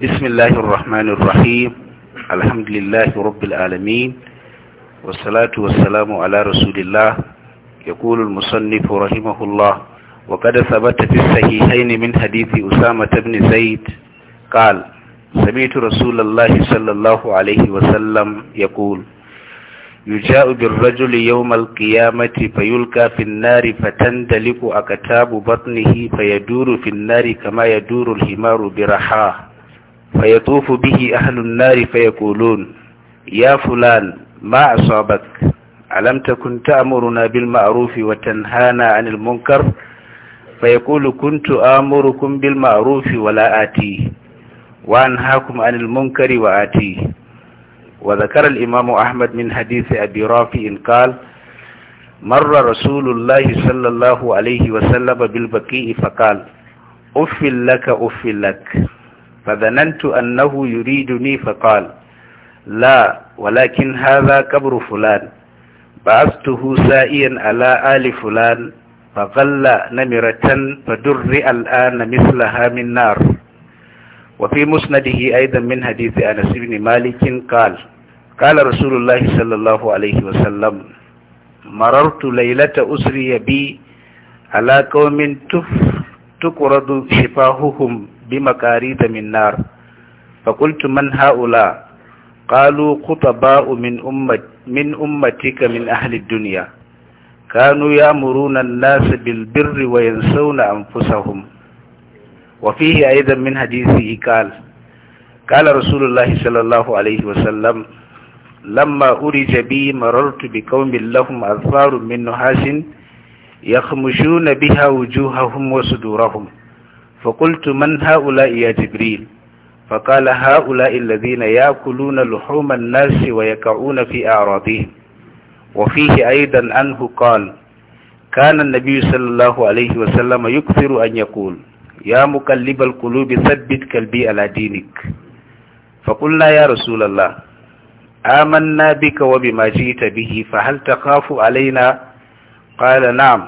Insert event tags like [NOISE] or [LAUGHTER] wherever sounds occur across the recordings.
بسم الله الرحمن الرحيم الحمد لله رب العالمين والصلاة والسلام على رسول الله يقول المصنف رحمه الله وقد ثبت في الصحيحين من حديث أسامة بن زيد قال سمعت رسول الله صلى الله عليه وسلم يقول يجاء بالرجل يوم القيامة فيلقى في النار فتندلق أكتاب بطنه فيدور في النار كما يدور الحمار برحاه فيطوف به أهل النار فيقولون يا فلان ما أصابك ألم تكن تأمرنا بالمعروف وتنهانا عن المنكر فيقول كنت آمركم بالمعروف ولا آتيه وأنهاكم عن المنكر وآتيه وذكر الإمام أحمد من حديث أبي رافع قال مر رسول الله صلى الله عليه وسلم بالبكيء فقال أف لك أف لك فظننت أنه يريدني فقال لا ولكن هذا قبر فلان بعثته سائيا على آل فلان فظل نمرة فدر الآن مثلها من نار وفي مسنده أيضا من حديث أنس بن مالك قال قال رسول الله صلى الله عليه وسلم مررت ليلة أسري بي على قوم تف تقرض شفاههم بمكاريد من نار فقلت من هؤلاء قالوا خطباء من أمة من أمتك من أهل الدنيا كانوا يأمرون الناس بالبر وينسون أنفسهم وفيه أيضا من حديثه قال قال رسول الله صلى الله عليه وسلم لما أرج بي مررت بقوم لهم أظفار من نحاس يخمشون بها وجوههم وصدورهم فقلت من هؤلاء يا جبريل فقال هؤلاء الذين يأكلون لحوم الناس ويقعون في أعراضهم وفيه أيضا أنه قال كان النبي صلى الله عليه وسلم يكثر أن يقول يا مقلب القلوب ثبت قلبي على دينك فقلنا يا رسول الله آمنا بك وبما جئت به فهل تخاف علينا قال نعم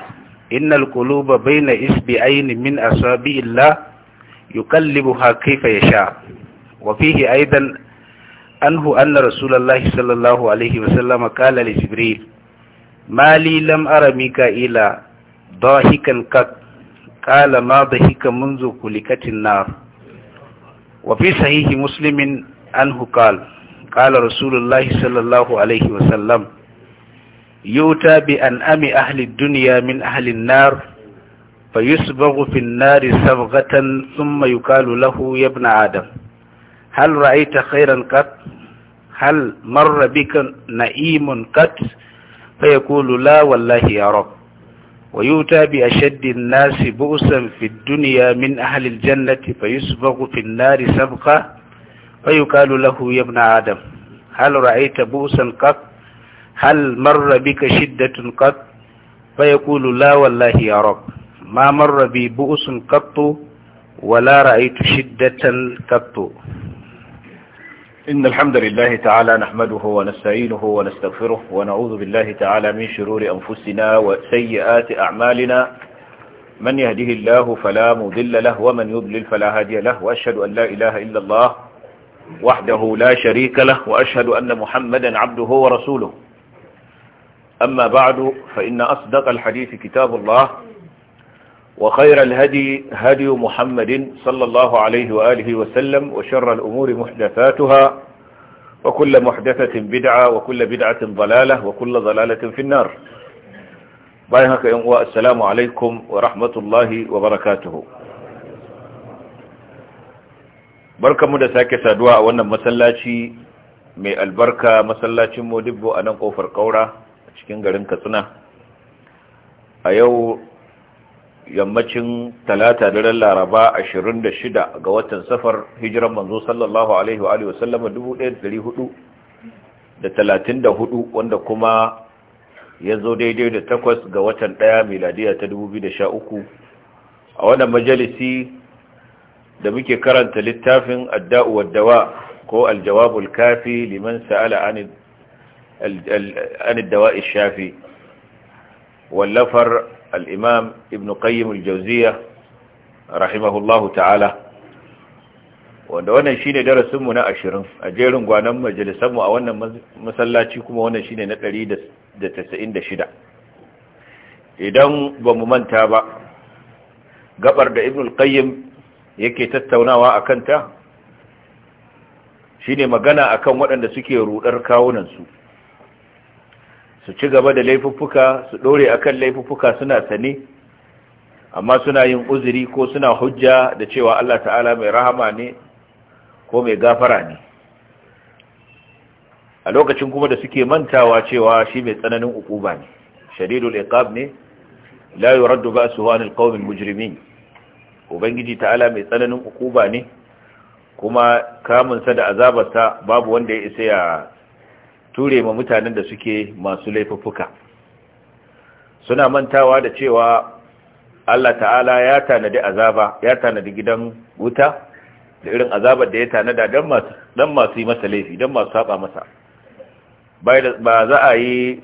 innal quluba baina isbi'ain min asabi'illah yuqallibuha kayfa yasha wa fihi aidan anhu anna rasulullahi sallallahu alaihi wa sallam qala li jibril ma li lam ara mika'ila dahikan kat qala ma dahika منذ kulikati an-nar wa fi sahih muslim anhu qala qala rasulullahi sallallahu alaihi wa sallam يؤتى بأنعم أهل الدنيا من أهل النار فيصبغ في النار صبغة ثم يقال له يا ابن آدم هل رأيت خيرا قط هل مر بك نعيم قط فيقول لا والله يا رب ويؤتى بأشد الناس بؤسا في الدنيا من أهل الجنة فيصبغ في النار صبغة فيقال له يا ابن آدم هل رأيت بؤسا قط هل مر بك شدة قط فيقول لا والله يا رب ما مر بي بؤس قط ولا رأيت شدة قط إن الحمد لله تعالى نحمده ونستعينه ونستغفره ونعوذ بالله تعالى من شرور أنفسنا وسيئات أعمالنا من يهده الله فلا مضل له ومن يضلل فلا هادي له وأشهد أن لا إله إلا الله وحده لا شريك له وأشهد أن محمدا عبده ورسوله أما بعد فإن أصدق الحديث كتاب الله وخير الهدي هدي محمد صلى الله عليه وآله وسلم وشر الأمور محدثاتها وكل محدثة بدعة وكل بدعة ضلالة وكل ضلالة في النار بايهك ينقوى السلام عليكم ورحمة الله وبركاته بركة مدساك سادواء وانا مسلاتي مي البركة مسلاتي مدبو أنا قوفر قورة cikin garin katsina a yau yammacin talata ran laraba 26 ga watan safar hijiran manzo sallallahu alaihi wa sallama 1434 wanda kuma ya zo daidai da takwas ga watan ɗaya miladiya ta 2013 a wannan majalisi da muke karanta littafin adda'u waddawa ko aljawabul kafi liman sa'ala anil عن الدواء الشافي واللفر الإمام ابن قيم الجوزية رحمه الله تعالى wanda wannan shine darasinmu na 20 a jerin وانا majalisanmu a wannan masallaci kuma wannan na idan ba mu manta ba gabar da ibnul qayyim yake tattaunawa akan ta shine magana akan waɗanda suke rudar kawunan su su ci gaba da laifuffuka su dore akan laifuffuka suna sane amma suna yin uzuri ko suna hujja da cewa Allah ta'ala mai rahama ne ko mai gafara ne a lokacin kuma da suke mantawa cewa shi mai tsananin ukuba ne shadidul iqab ne la yuraddu ba'su 'anil qawmil mujrimin ubangiji ta'ala mai tsananin ukuba ne kuma kamun sa da azabarsa babu wanda ya isa ya ture ma mutanen da suke masu laifuffuka suna mantawa da cewa Allah ta'ala ya tanadi azaba ya tanadi gidan wuta da irin azabar da ya tanada don masu yi masa laifi don masu saba masa ba za a yi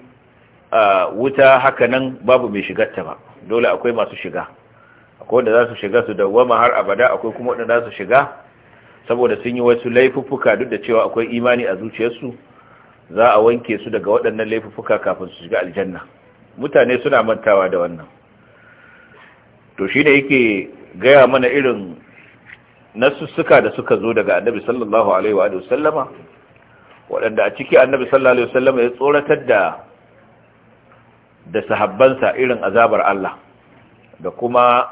wuta haka nan babu mai shigar ta ba dole akwai masu shiga akwai da za su shiga su dawwama har abada akwai kuma waɗanda za su shiga saboda sun yi wasu laifuffuka duk da cewa akwai imani a zuciyarsu za a wanke su daga waɗannan laifuka kafin su shiga aljanna mutane suna mantawa da wannan to shi ne yake gaya mana irin nasussuka da suka zo daga annabi sallallahu alaihi wa sallama waɗanda a ciki annabi sallallahu alaihi wa sallama ya tsoratar da da sahabbansa irin azabar Allah da kuma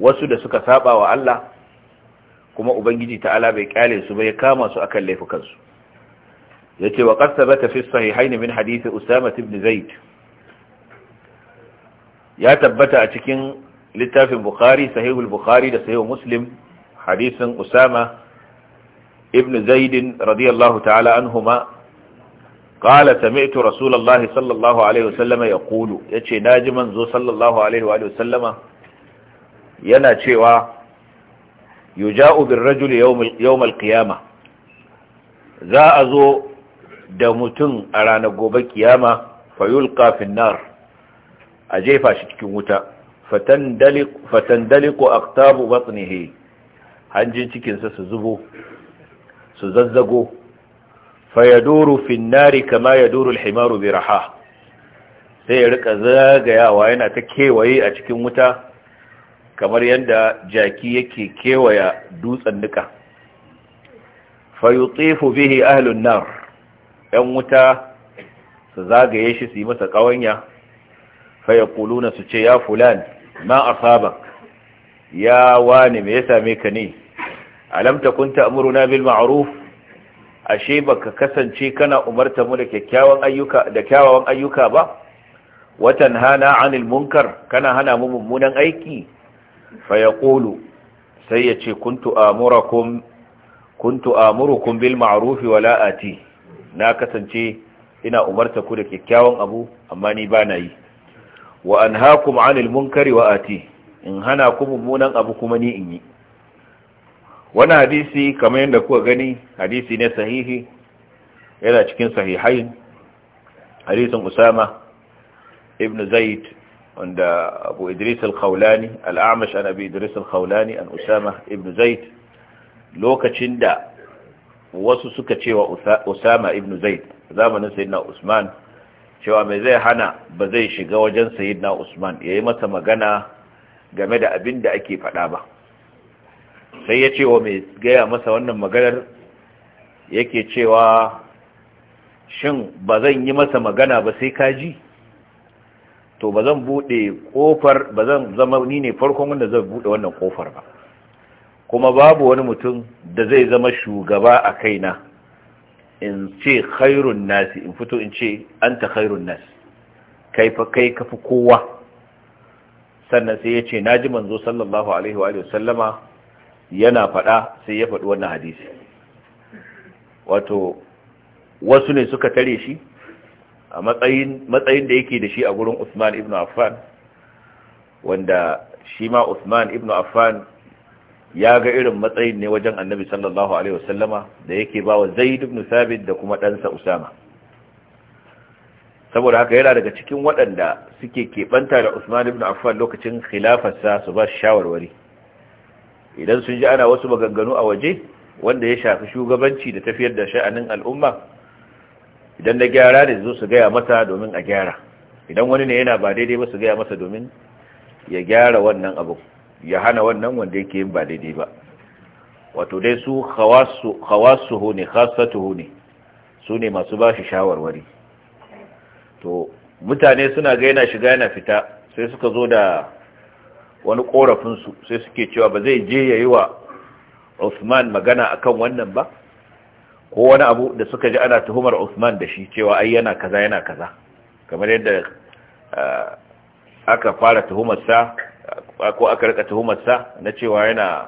wasu da suka saba wa Allah kuma ubangiji ta'ala bai kyale su ba ya kama su akan laifukansu ya ce wa ƙasa ba ta fiska haini min hadithi usama tibin zaid ya tabbata a cikin littafin bukari sahihul bukari da sahihul muslim hadisin usama ibn zaidin radiyallahu ta'ala an huma ƙala sami'tu rasulallah sallallahu ya ce na ji manzo yana cewa yuja'u bin rajul yawon alƙiyama za a zo da mutum a ranar gobe kiyama fayul kafin nar a jefa shi cikin wuta fatandaliko aktabu batsinihe hanjin cikinsa su zubo su zazzago fayadoro finnari kama yadoro alhimaru raha sai ya rika zagayawa yana ta kewaye a cikin wuta kamar yadda jaki yake kewaya dutsen nika fayutsifu bihi ahlun nar 'yan wuta su zagaye shi su yi masa ƙawanya faya kuluna su ce ya fulan ma asabak ya wani me ya same ka ne alamta kun ta'muruna bil ma'aruf. ashe baka kasance kana umarta mu da kyawawan ayyuka ba watan hana anil munkar kana hana mu mummunan aiki faya kulu sai ya ce kuntu amurakum bil ma'arufi wala ati na kasance ina umarta ku da kyakkyawan abu amma ni ba na yi wa anhaakum 'anil munkari wa ati in hana ku mummunan abu kuma ni in yi wani hadisi kamar yadda kuka gani hadisi ne sahihi yana cikin sahihain hadisin usama ibn zaid wanda abu idris al-khawlani al-amash an abi idris al-khawlani an usama ibn zaid lokacin da wasu suka cewa usama ibn zaid zamanin sayyidina usman cewa mai zai hana ba zai shiga wajen sayyidina usman yayi masa magana game da abin da ake faɗa ba sai ya ce wa mai gaya masa wannan maganar yake cewa shin ba zan yi masa magana ba sai ka ji? to ba zan buɗe ƙofar ba zan zama ni ne farkon wanda zan buɗe wannan ƙofar ba kuma babu wani mutum da zai zama shugaba a kaina in ce khairun nasi in fito in ce "An ta khairun nasi kai fa kai kafi kowa sannan sai ya ce na ji manzo sallallahu alaihi wa sallama yana faɗa sai ya faɗi wannan hadisi wato wasu ne suka tare shi a matsayin da yake da shi a gurin Usman ibn Affan wanda shi ma Usman ibn Affan ya ga irin matsayin ne wajen annabi sallallahu alaihi wasallama da yake bawa zaid ibn sabit da kuma ɗansa usama saboda haka yana daga cikin waɗanda suke keɓanta da usman ibn affan lokacin khilafarsa su ba shawarwari idan sun ji ana wasu maganganu a waje wanda ya shafi shugabanci da tafiyar da sha'anin al'umma idan na gyara ne zo su gaya masa domin a gyara idan wani ne yana ba daidai ba su gaya masa domin ya gyara wannan abu ya hana wannan wanda yake yin ba daidai ba wato dai su khawassuhu ne khassatuhu ne su ne masu ba shi shawarwari to mutane suna ga yana shiga yana fita sai suka zo da wani korafin su sai suke cewa ba zai je ya yi wa Usman magana akan wannan ba ko wani abu da suka ji ana tuhumar Usman da shi cewa ai yana kaza yana kaza kamar yadda eh, aka fara tuhumar sa. ko aka rika tuhumarsa na cewa yana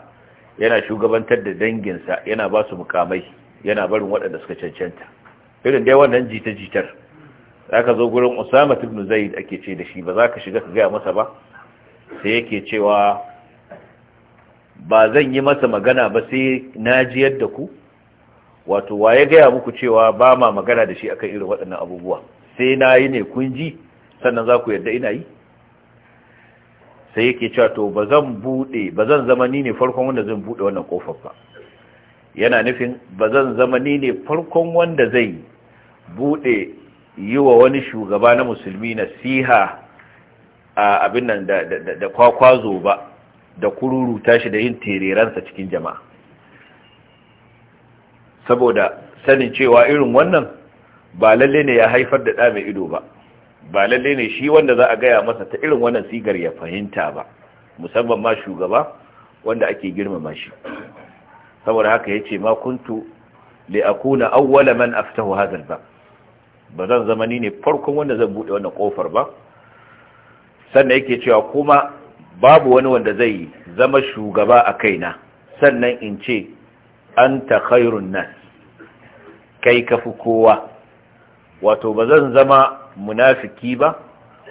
yana shugabantar da danginsa yana ba su mukamai yana barin waɗanda suka cancanta irin dai wannan jita-jitar zaka zo gurin Usama ibn Zaid ake ce da shi ba zaka shiga ka gaya masa ba sai yake cewa ba zan yi masa magana ba sai na ji yadda ku wato wa ya gaya muku cewa ba ma magana da shi akan irin waɗannan abubuwa sai na yi ne kun ji sannan za ku yarda ina yi sai yake cewa to ba zan bude ba zan zama ni ne farkon wanda zan bude wannan kofar ba yana nufin ba zan zama ni ne farkon wanda zai bude yi wa wani shugaba na musulmi na siha a abin nan da, da, kwakwazo ba da kururu tashi da yin tereransa cikin jama'a saboda sanin cewa irin wannan ba lalle ne ya haifar da ɗa mai ido ba ba lalle ne shi wanda za a gaya masa ta irin wannan sigar ya fahimta ba musamman ma shugaba wanda ake girmama shi saboda haka yace ma kuntu li akuna awwala man aftahu hadha albab ba zan zama ni ne farkon wanda zan bude wannan kofar ba sannan yake cewa kuma babu wani wanda zai zama shugaba a kaina sannan in ce anta khairun nas kai kafi kowa wato ba zan zama munafiki ba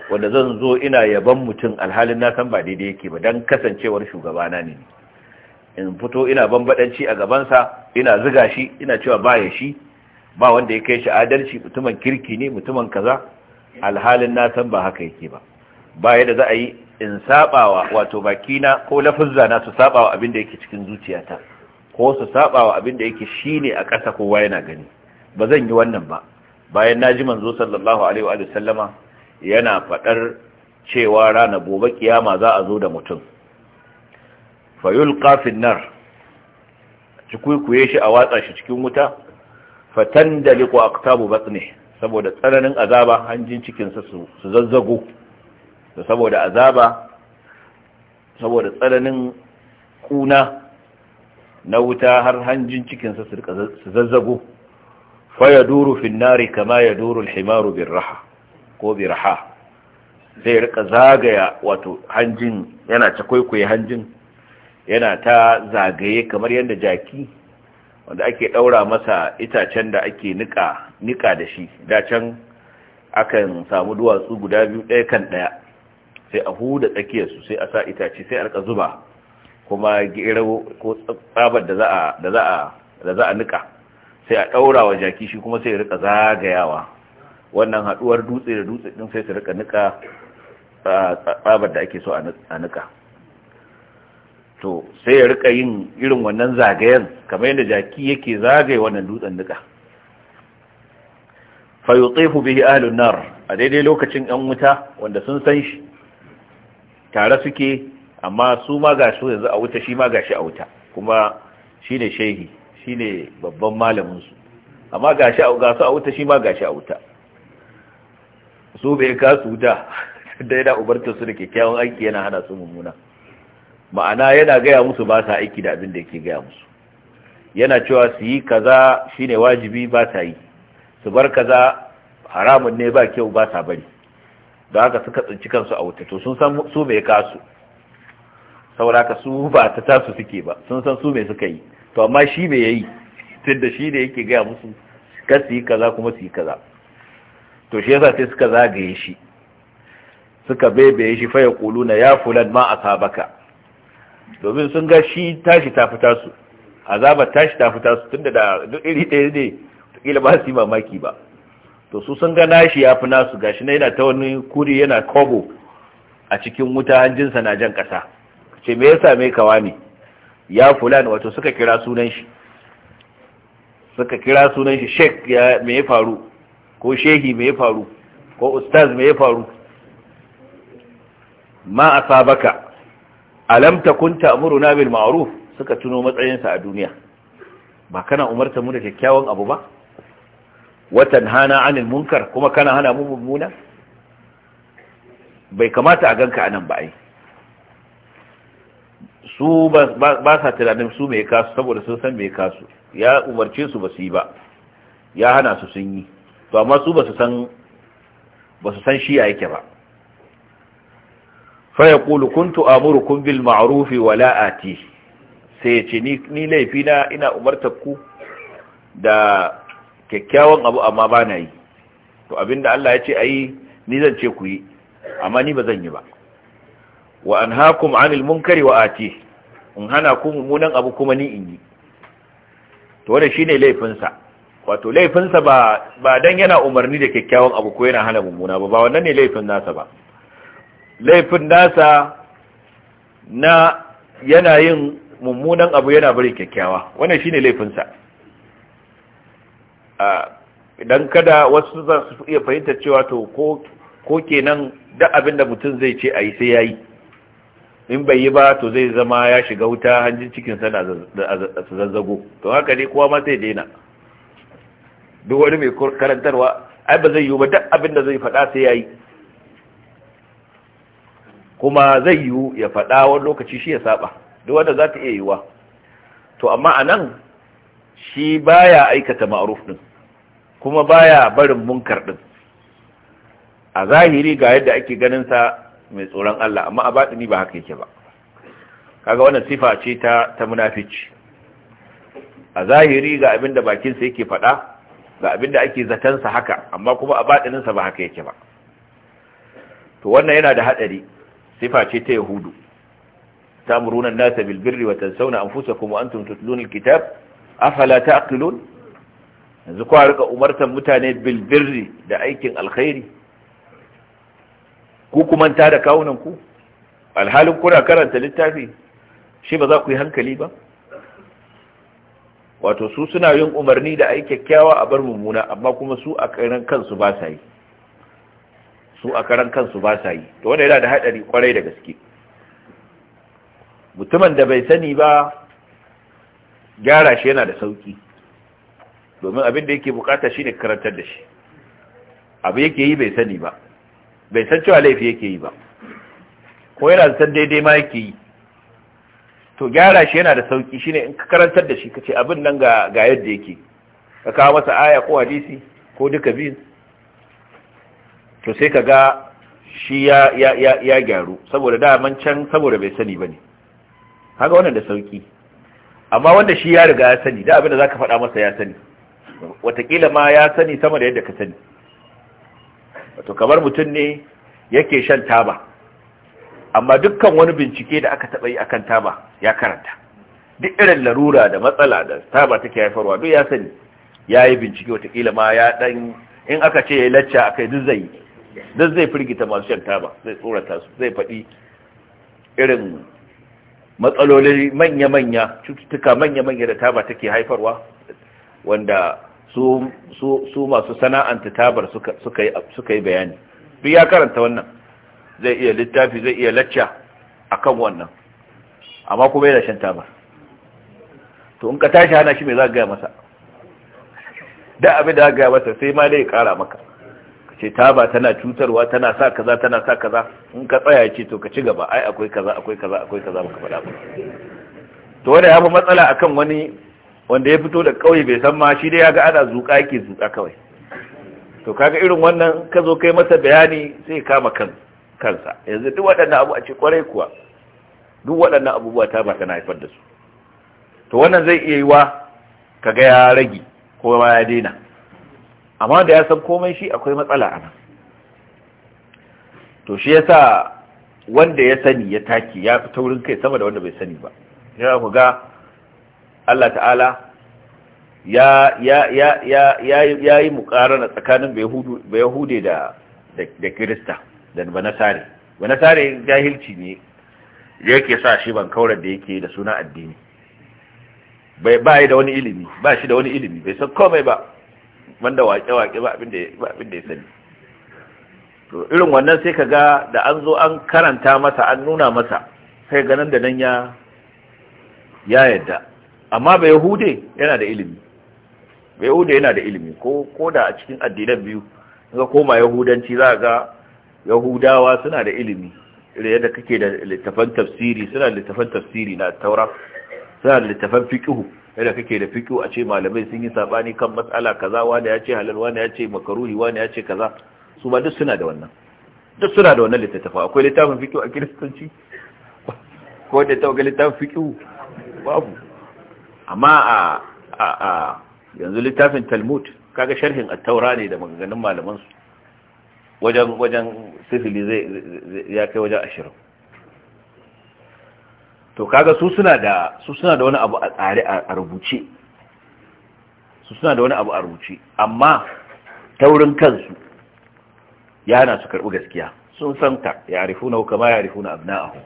wanda zan zo ina yaban mutum alhalin na san ba daidai yake ba don kasancewar shugabana ne in fito ina bambadanci a gabansa ina ziga shi ina cewa ba ya shi ba wanda ya kai shi adalci mutumin kirki ne mutumin kaza alhalin na san ba haka yake ba baya da za a yi in sabawa wato bakina ko lafuzza na su sabawa abin da yake cikin zuciyata ko su sabawa abin da yake shine a ƙasa kowa yana gani ba zan yi wannan ba bayan naji manzo sallallahu alaihi wa sallama yana fadar cewa rana gobe kiyama za a zo da mutum fayulqa fi nar cikuikuye shi a watsa shi cikin wuta fatandaliqu aqtabu batni saboda tsananin azaba hanjin cikin sa su zazzago saboda azaba saboda tsananin kuna na wuta har hanjin cikin sa su zazzago fa ya nari kama ya duru alhimaru birraha ko birraha zai rika zagaya wato hanjin yana ta kwaikwaye hanjin yana ta zagaye kamar yadda jaki wanda ake daura masa itacen da ake nika nika da shi da can akan samu duwatsu guda biyu ɗaya kan ɗaya sai a huda tsakiyarsu sai a sa itace sai a rika zuba kuma gero ko tsabar da za a nika sai a ɗaura wa jaki shi kuma sai ya rika zagayawa wannan haɗuwar dutse da dutse ɗin sai su rika nika tsabar da ake so a nika to sai ya rika yin irin wannan zagayen kamar yadda jaki yake zagaye wannan dutsen nika fa yutifu bihi ahalun nar a daidai lokacin yan wuta wanda sun san shi tare suke amma su ma gashi yanzu a wuta shi ma gashi a wuta kuma shi ne shehi shi ne babban malamin su amma ga a a wuta shi ma ga shi a wuta su bai ka su wuta [LAUGHS] da yana ubarta su da kyakkyawan aiki yana hana su mummuna ma'ana yana gaya musu ba sa aiki da abin da yake gaya musu yana cewa su yi kaza shi ne wajibi ba sa yi su bar kaza haramun ne ba kyau ba sa bari don haka suka tsinci kansu a wuta to sun san su bai kasu saboda haka su ba ta tasu suke ba sun san su mai suka yi to amma shi mai yayi tunda shi ne yake gaya musu kar su yi kaza kuma su yi kaza to shi yasa sai suka zagaye shi suka bebe shi fa ya kuluna ya fulan ma asabaka domin sun ga shi tashi ta fita su azaba tashi ta fita su tunda da duk iri ɗaya ne kila ba su yi mamaki ba to su sun ga nashi ya fi nasu gashi na yana ta wani kuri yana kobo a cikin wuta hanjinsa na jan ƙasa ce me ya same kawa ne ya fulan wato suka kira sunan shi suka kira sunan shi shek ya me ya faru ko shehi me ya faru ko ustaz me ya faru ma asabaka alam takun ta'muruna bil ma'ruf suka tuno matsayinsa a duniya ba kana umarta mu da kyakkyawan abu ba watan hana anil munkar kuma kana hana mu mummuna bai kamata a ganka anan ba ai su ba sa tunanin su mai kasu saboda sun san mai kasu ya umarce su ba su yi ba ya hana su sun yi to amma su ba su san shi ya yake ba faya kulu kuntu kun bil ma'arufi wala ati sai ya ce ni laifi na ina umartar ku da kyakkyawan abu amma ba na yi to abinda Allah ya ce ayi ni zan ce ku yi amma ni ba zan yi ba wa anhaakum 'anil munkari wa ati in hana ku mummunan abu kuma ni in yi to wanda shine laifinsa wato laifinsa ba ba dan yana umarni da kyakkyawan abu ko yana hana mummuna ba ba wannan ne laifin nasa ba laifin nasa na yana yin mummunan abu yana bari kyakkyawa wannan shine laifinsa idan kada wasu za su iya fahimtar cewa to ko kenan duk abin da mutum zai ce a yi sai ya yi in bai yi ba to zai zama ya shiga wuta hanjin cikinsa na zazzago to haka ne kowa ma sai daina duk wani mai karantarwa ai ba zai yi ba duk abin da zai faɗa sai ya yi kuma zai yi ya faɗa wani lokaci shi ya saba duk wanda za ta iya yiwa to amma a nan shi baya aikata ma'aruf ɗin kuma baya barin munkar ɗin a zahiri ga yadda ake ganin sa mai tsoron Allah amma a batini ba haka yake ba kaga wannan sifa ce ta ta munafici a zahiri ga abinda bakin sa yake faɗa ga abinda ake zaton sa haka amma kuma a batinin sa ba haka yake ba to wannan yana da hadari sifa ce ta yahudu nasa تأمرون an بالبر وتنسون أنفسكم وأنتم تتلون kitab afala taqilun yanzu ku rika umartan mutane bilbirri da aikin alkhairi ku kuma ta da kawunan ku alhalin kuna karanta littafi shi ba za ku yi hankali ba wato su suna yin umarni da ai kyakkyawa a bar mummuna amma kuma su a karan kansu ba sa yi su a karan kansu ba sa yi to wanda yana da hadari kwarai da gaske mutumin da bai sani ba gyara shi yana da sauki domin abin da yake bukata shine karantar da shi abu yake yi bai sani ba bai san cewa laifi yake yi ba ko yana da san daidai ma yake yi to gyara shi yana da sauki shine in ka karantar da shi ka ce abin nan ga yadda yake ka kawo masa aya ko hadisi ko duka biyu to sai ka ga shi ya ya gyaru saboda da, man can saboda bai sani bane kaga wannan da sauki amma wanda shi ya riga ya sani da abin da zaka faɗa masa ya sani Wataƙila ma ya sani sama da yadda ka sani wato kamar mutum ne yake shan taba amma dukkan wani bincike da aka taɓa yi akan taba ya karanta duk irin larura da matsala da taba take haifarwa duk ya sani ya yi bincike watakila ma ya ɗan in aka ce ya yi lacca a kai duk zai duk zai firgita masu shan taba zai tsorata su zai faɗi irin matsaloli manya-manya cututtuka manya-manya da taba take haifarwa wanda su masu sana'anta tabar suka yi bayani duk ya karanta wannan zai iya littafi zai iya lacca akan wannan amma kuma yana shan tabar to in ka tashi hana shi mai za gaya masa da abin da gaya masa sai ma dai kara maka ce taba tana cutarwa tana sa kaza tana sa kaza in ka tsaya ce to ka ci gaba ai akwai kaza akwai kaza akwai kaza baka faɗa ba to wanda ya fi matsala akan wani wanda ya fito da kauye bai san ma shi dai ya ga ana zuƙa yake zuƙa kawai to kaga irin wannan ka zo kai masa bayani sai kama kan kansa yanzu duk waɗannan abu a ce kwarai kuwa duk waɗannan abubuwa ta ba tana haifar da su to wannan zai iya yi wa kaga ya rage ko ya daina amma da ya san komai shi akwai matsala a nan to shi yasa wanda ya sani ya taki ya fi taurin kai sama da wanda bai sani ba ya ku ga Allah ta'ala ya ya ya ya ya yi mukarana tsakanin bai yahude da da kirista da banasare banasare jahilci ne yake sa shi ban kaurar da yake da suna addini bai ba da wani ilimi ba shi da wani ilimi bai san komai ba wanda waƙe-waƙe ba abin da ya sani to irin wannan sai ka ga da an zo an karanta masa an nuna masa sai ganin da nan ya ya yadda amma bai yahude yana da ilimi bai yahude yana da ilimi ko ko da a cikin addinan biyu ga koma yahudanci za ga yahudawa suna da ilimi yadda kake da littafan tafsiri suna da littafan tafsiri na taura suna da littafan fiqhu yadda kake da fiqhu a ce malamai sun yi sabani kan matsala kaza wani ya ce halal wani ya ce makaruhi wani ya ce kaza su ba duk suna da wannan duk suna da wannan littafa akwai littafin fiqhu a kiristanci ko da tawga littafin fiqhu babu amma a yanzu littafin talmud kaga sharhin attaura ne da maganganun malamansu wajen wajen sifili zai ya kai wajen ashirin to kaga su suna da su suna da wani abu a tsare a rubuce su suna da wani abu a rubuce amma taurin kansu ya su karɓi gaskiya sun san ta ya rifuna kama ya rifuna abna'ahu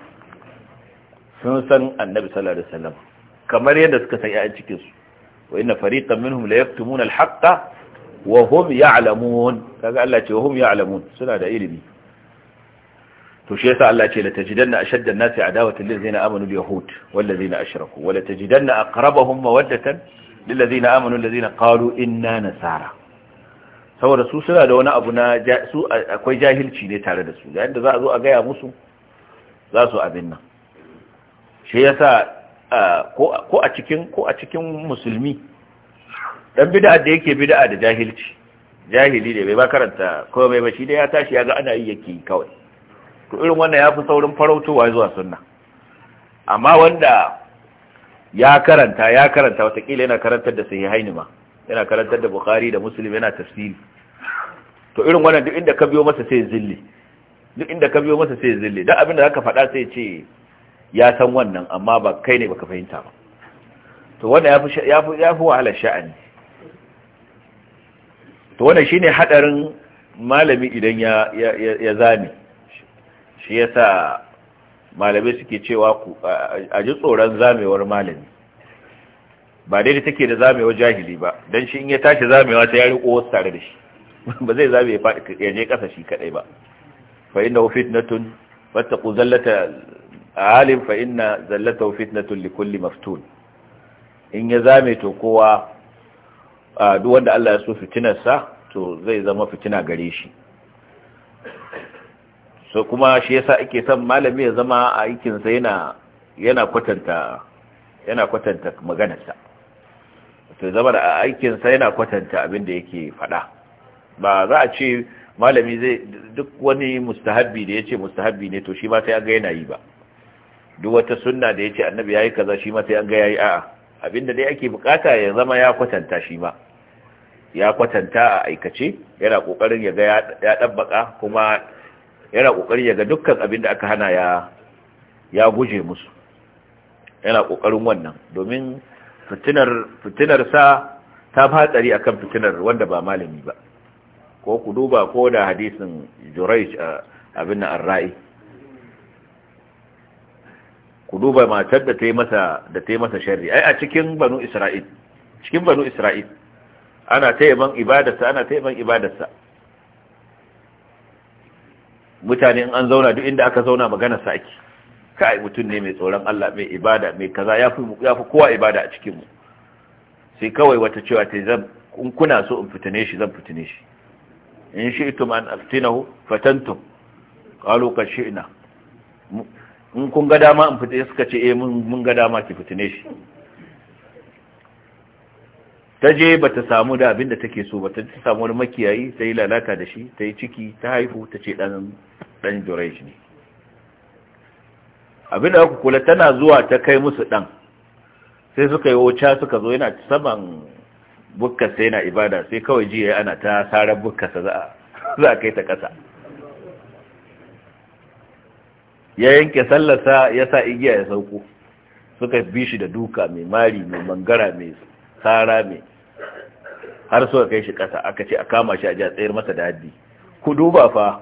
sun san annabi sallallahu alaihi wasallam kamar yadda suka san a cikin su wa inna fariqan minhum la yaktumuna al-haqqa wa hum ya'lamun kaga Allah ce wa hum ya'lamun suna da ilimi to shi yasa Allah ce la tajidanna ashadda an-nasi adawatan lil ladzina amanu al-yahud wal ladzina ashraku wa la tajidanna aqrabahum mawaddatan lil ladzina amanu ladzina qalu inna nasara saboda su suna da wani abu na su akwai jahilci ne tare da su yayin da za a zo a gaya musu za su abin nan shi yasa ko a cikin ko a cikin musulmi dan bid'a da yake bid'a da jahilci jahili ne bai ba karanta bai ba shi da ya tashi ya ga ana yi yake kawai to irin wannan ya fi saurin farautowa zuwa sunna amma wanda ya karanta ya karanta watakila yana karantar da sahihaini ma yana karantar da bukhari da muslim yana tafsiri to irin wannan duk inda ka biyo masa sai zilli duk inda ka biyo masa sai zilli dan abin da zaka faɗa sai ce ya san wannan amma ba kai ne baka fahimta ba to wannan ya fi wahalar sha'ani to wannan shine hadarin malami idan ya ya zame shi yasa malamai suke cewa a ji tsoron zamewar malami ba dai da take da zamewar jahili ba don shi in ya tashi zamewa ta ya riko wasu tare da shi [LAUGHS] ba zai zame ya je kasa shi kadai ba fa inna fitnatun fattaqu zallata alim fa inna zallatahu fitnatun likulli maftun in ya zame to kowa duk wanda Allah ya so fitinarsa to zai zama fitina gare shi so kuma shi yasa ake son malami ya zama a aikinsa yana kwatanta yana maganarsa to zama da aikinsa yana kwatanta abin da yake faɗa ba za a ce malami zai duk wani mustahabbi da ya ce mustahabbi ne to shi ma sai an ga yana yi ba duk wata sunna da yace annabi yayi kaza shi ma sai an ga yayi a'a abinda dai ake bukata ya zama ya kwatanta shi ma ya kwatanta a aikace yana kokarin ya ga ya dabbaka kuma yana kokarin ya ga dukkan abinda aka hana ya ya guje musu yana kokarin wannan domin fitinar fitinar sa ta fatsari akan fitinar wanda ba malami ba ko ku duba ko da hadisin Jurayj abin nan ar-Ra'i ku duba matar da ta yi masa da ta yi masa sharri ai a cikin banu isra'il cikin banu isra'il ana ta yaban ibadarsa ana ta yaban ibadarsa mutane in an zauna duk inda aka zauna magana sa ake kai mutum ne mai tsoron Allah mai ibada mai kaza yafi yafi kowa ibada a cikin mu sai kawai wata cewa ta zan in kuna so in fitine shi zan fitine shi in shi'tum an aftinahu fatantum qalu qad shi'na in kun ga dama in fita suka ce eh mun ga dama ki fitine shi ta je ba ta samu da abin da take so ba ta samu wani makiyayi ta yi lalata da shi ta yi ciki ta haifu ta ce ɗan jurej ne abin da aka kula tana zuwa ta kai musu ɗan sai suka yi wuce suka zo yana saman bukkasa yana ibada sai kawai jiya ana ta sarar bukkasa za a kai ta ƙasa ya yanke sallarsa ya sa igiya ya sauko suka bi shi da duka mai mari mai mangara mai tsara mai har suka kai shi ƙasa aka ce a kama shi a ji a tsayar masa da haddi ku duba fa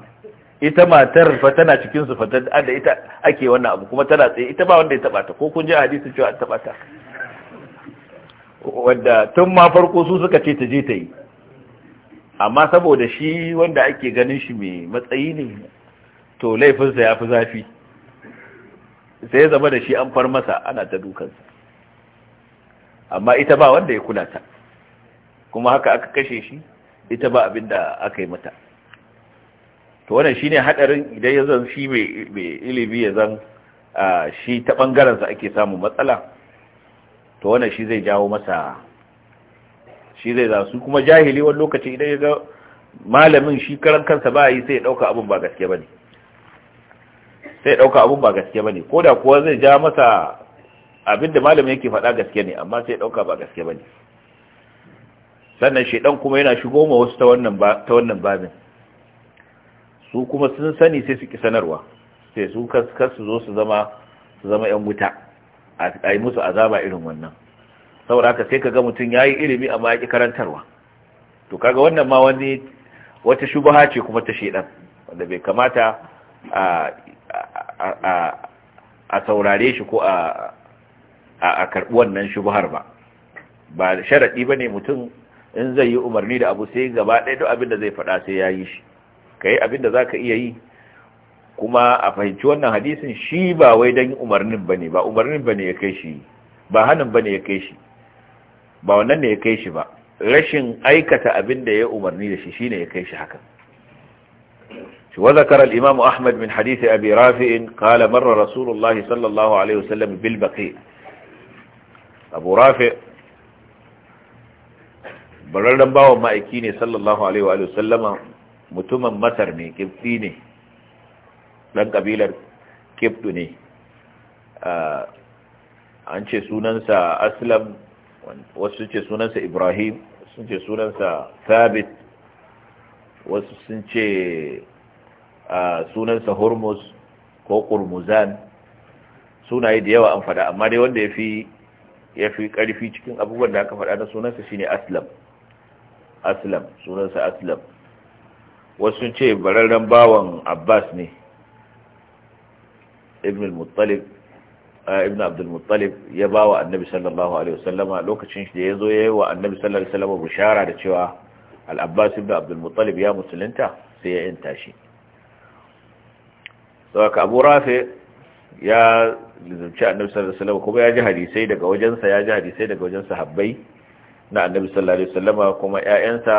ita matar fa tana cikin su fa da ita ake wannan abu kuma tana tsaye ita ba wanda ya taba ta ko kun ji hadisi cewa an taba ta wanda tun ma farko su suka ce ta je ta yi amma saboda shi wanda ake ganin shi mai matsayi ne to laifinsa ya fi zafi sai zama da shi an far masa ana ta dukansa amma ita ba wanda ya kula ta kuma haka aka kashe shi ita ba abin da aka yi mata to wannan shine hadarin idan ya zan shi mai ilimi ya zan shi ta sa ake samun matsala to wannan shi zai jawo masa shi zai za su kuma jahili wani lokaci idan ya ga malamin shi karan kansa ba yi sai ya dauka abin ba gaske bane sai ɗauka abun ba gaske ba ne, ko da kuwa zai ja masa abin da malamin yake faɗa gaske ne amma sai ɗauka ba gaske ba ne. sannan shaidan kuma yana shigo ma wasu ta wannan babin su kuma sun sani sai su ki sanarwa sai su kasu zo su zama yan wuta a yi musu azaba irin wannan saboda haka sai ga mutum ya yi ilimi amma ya ki karantarwa to kaga wannan ma wani wata shubaha ce kuma ta shaidan wanda bai kamata a a saurare shi ko a a karɓi wannan shubhar ba ba sharadi ba mutum in zai yi umarni da abu sai gaba ɗaya duk abin da zai faɗa sai ya yi shi kai yi abin da za ka iya yi kuma a fahimci wannan hadisin shi ba wai don umarnin ba ba umarnin ba ya kai shi ba hannun ba ya kai shi ba wannan ne ya kai shi ba rashin aikata abin da ya umarni da shi shi ne ya kai shi haka وذكر الإمام أحمد من حديث أبي رافع قال مر رسول الله صلى الله عليه وسلم بالبقيع أبو رافع bararren bawan ma'aiki ne sallallahu alaihi wa sallama mutumin masar ne kifti ne ɗan ƙabilar kiftu ne an ce sunansa aslam wasu ce sunansa ibrahim sun ce sunansa wasu sunansa hormuz ko ƙurmuzan sunaye da yawa an fada amma dai wanda ya fi ƙarfi cikin abubuwan da aka faɗa na sunansa shine aslam aslam sunansa aslam wasu ce bararren bawan abbas ne ibn al-muttalib ibn abdul muttalib ya ba wa annabi sallallahu alaihi wasallama lokacin da ya zo ya yi wa annabi sallallahu alaihi wasallama bushara da cewa al-abbas ibn abdul muttalib ya musulunta sai ya yanta tashi. saboda abu rafi ya zuci annabi sallallahu alaihi wasallam kuma ya ji hadisai daga wajensa ya ji hadisai daga wajen sahabbai na annabi sallallahu alaihi wasallam kuma ƴaƴansa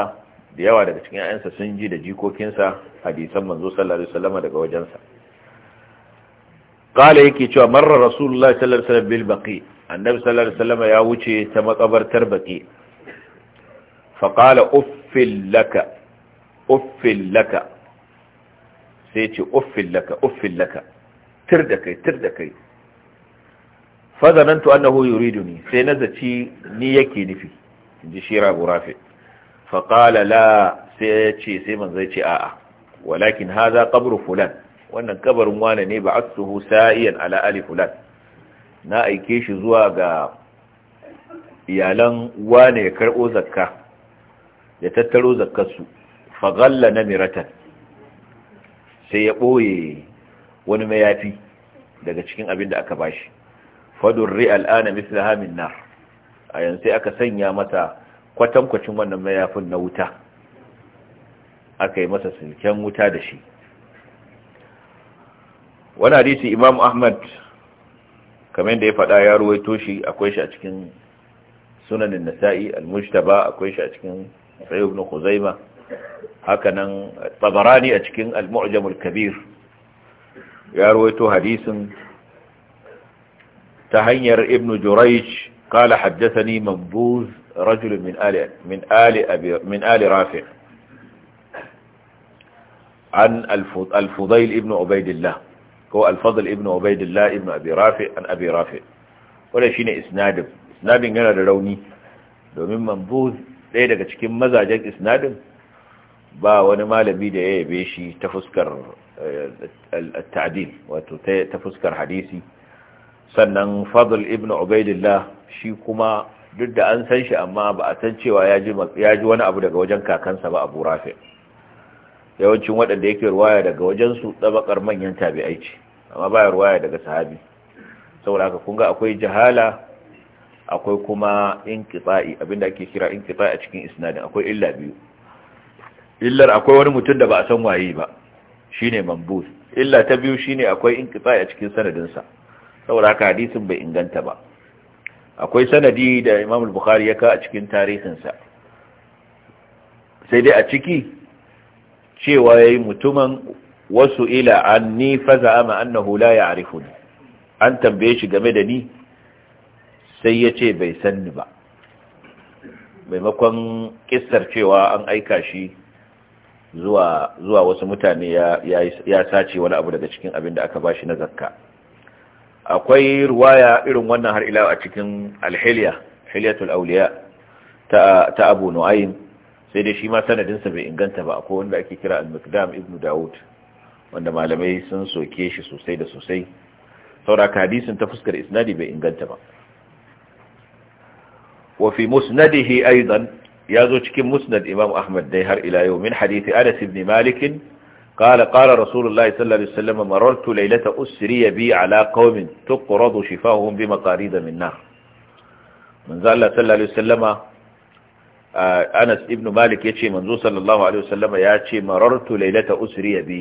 da yawa daga cikin ƴaƴansa sun ji da jikokinsa hadisan manzo sallallahu alaihi wasallam daga wajensa qala yake cewa marra rasulullahi sallallahu alaihi wasallam bil baqi annabi sallallahu alaihi wasallam ya wuce ta makabartar baqi fa qala uffil laka uffil laka sai ce uffin laka uffin laka tir da kai tir da kai fazanantu annahu yuriduni sai nazaci ni yake nufi inji shira burafi fa qala la sai ya ce sai man zai ce a'a walakin hadha qabru fulan wannan kabarin wane ne ba'athuhu sa'iyan ala ali fulan na aike shi zuwa ga iyalan wane ya karbo zakka ya tattaro su fa ghalla namiratan sai ya ɓoye wani mayafi daga cikin abin da aka bashi fadurri al'ana misla hamin na a yanzu sai aka sanya mata kwatankwacin wannan mayafin na wuta aka yi masa silken wuta da shi wani hadisi imam ahmad kamar da ya faɗa ya ruwaito shi akwai shi a cikin sunanin nasa'i al-mujtaba akwai shi a cikin sayyid ibn khuzaimah haka nan tabarani a cikin al-mu'jamul kabir ya rawaito hadisin ta hanyar ibn jurayj qala haddathani mabuz rajul min ali min ali abi min ali rafi' an al-fudail ibn ubaydillah ko al-fadl ibn ubaydillah ibn abi rafi' an abi rafi' wala shine isnadin isnadin yana da rauni domin mabuz ɗaya daga cikin mazajen isnadin ba wani malami da ya yabe shi ta fuskar eh, ta'dil wato ta fuskar hadisi sannan fadl ibn ubaydillah shi kuma duk da an san shi amma ba a san cewa ya ji ji wani abu daga wajen kakansa ba abu rafi yawancin waɗanda yake ruwaya daga wajen su, tsabakar manyan tabi'ai ce amma ba ruwaya daga sahabi saboda haka kun ga akwai jahala akwai kuma inqita'i abinda ake kira inqita'i a cikin isnadin akwai illa biyu illar akwai wani mutum da ba a san waye ba shine mambus illa ta biyu shine akwai inqita a cikin sanadin sa saboda haka hadisin bai inganta ba akwai sanadi da Imam al-Bukhari ya ka a cikin tarihinsa. sai dai a ciki cewa yayi mutumin wasu ila anni ma annahu la ya'rifuni an tambaye shi game da ni sai ya ce bai sanni ba maimakon kissar cewa an aika shi zuwa wasu mutane ya ya sace wani abu daga cikin abin da aka ba shi na zakka akwai ruwaya irin wannan har ila a cikin alhiliya hilyatul auliya ta ta Abu Nu'aym sai dai shi ma sanadinsa bai inganta ba akwai wanda ake kira al mukdam ibn Da'ud, wanda malamai sun soke shi sosai da sosai sauraka hadisin ta fuskar isnadi bai inganta ba wa fi musnadihi aidan ya zo cikin musnad imam ahmad dai har ila yau min hadithi anas ibn malik qala qala rasulullah sallallahu alaihi wasallam marartu laylata usri bi ala qaumin tuqradu shifahum bi maqarid min nar sallallahu alaihi wasallam uh, anas ibn malik yace manzo sallallahu alaihi wasallam yace marartu laylata usri bi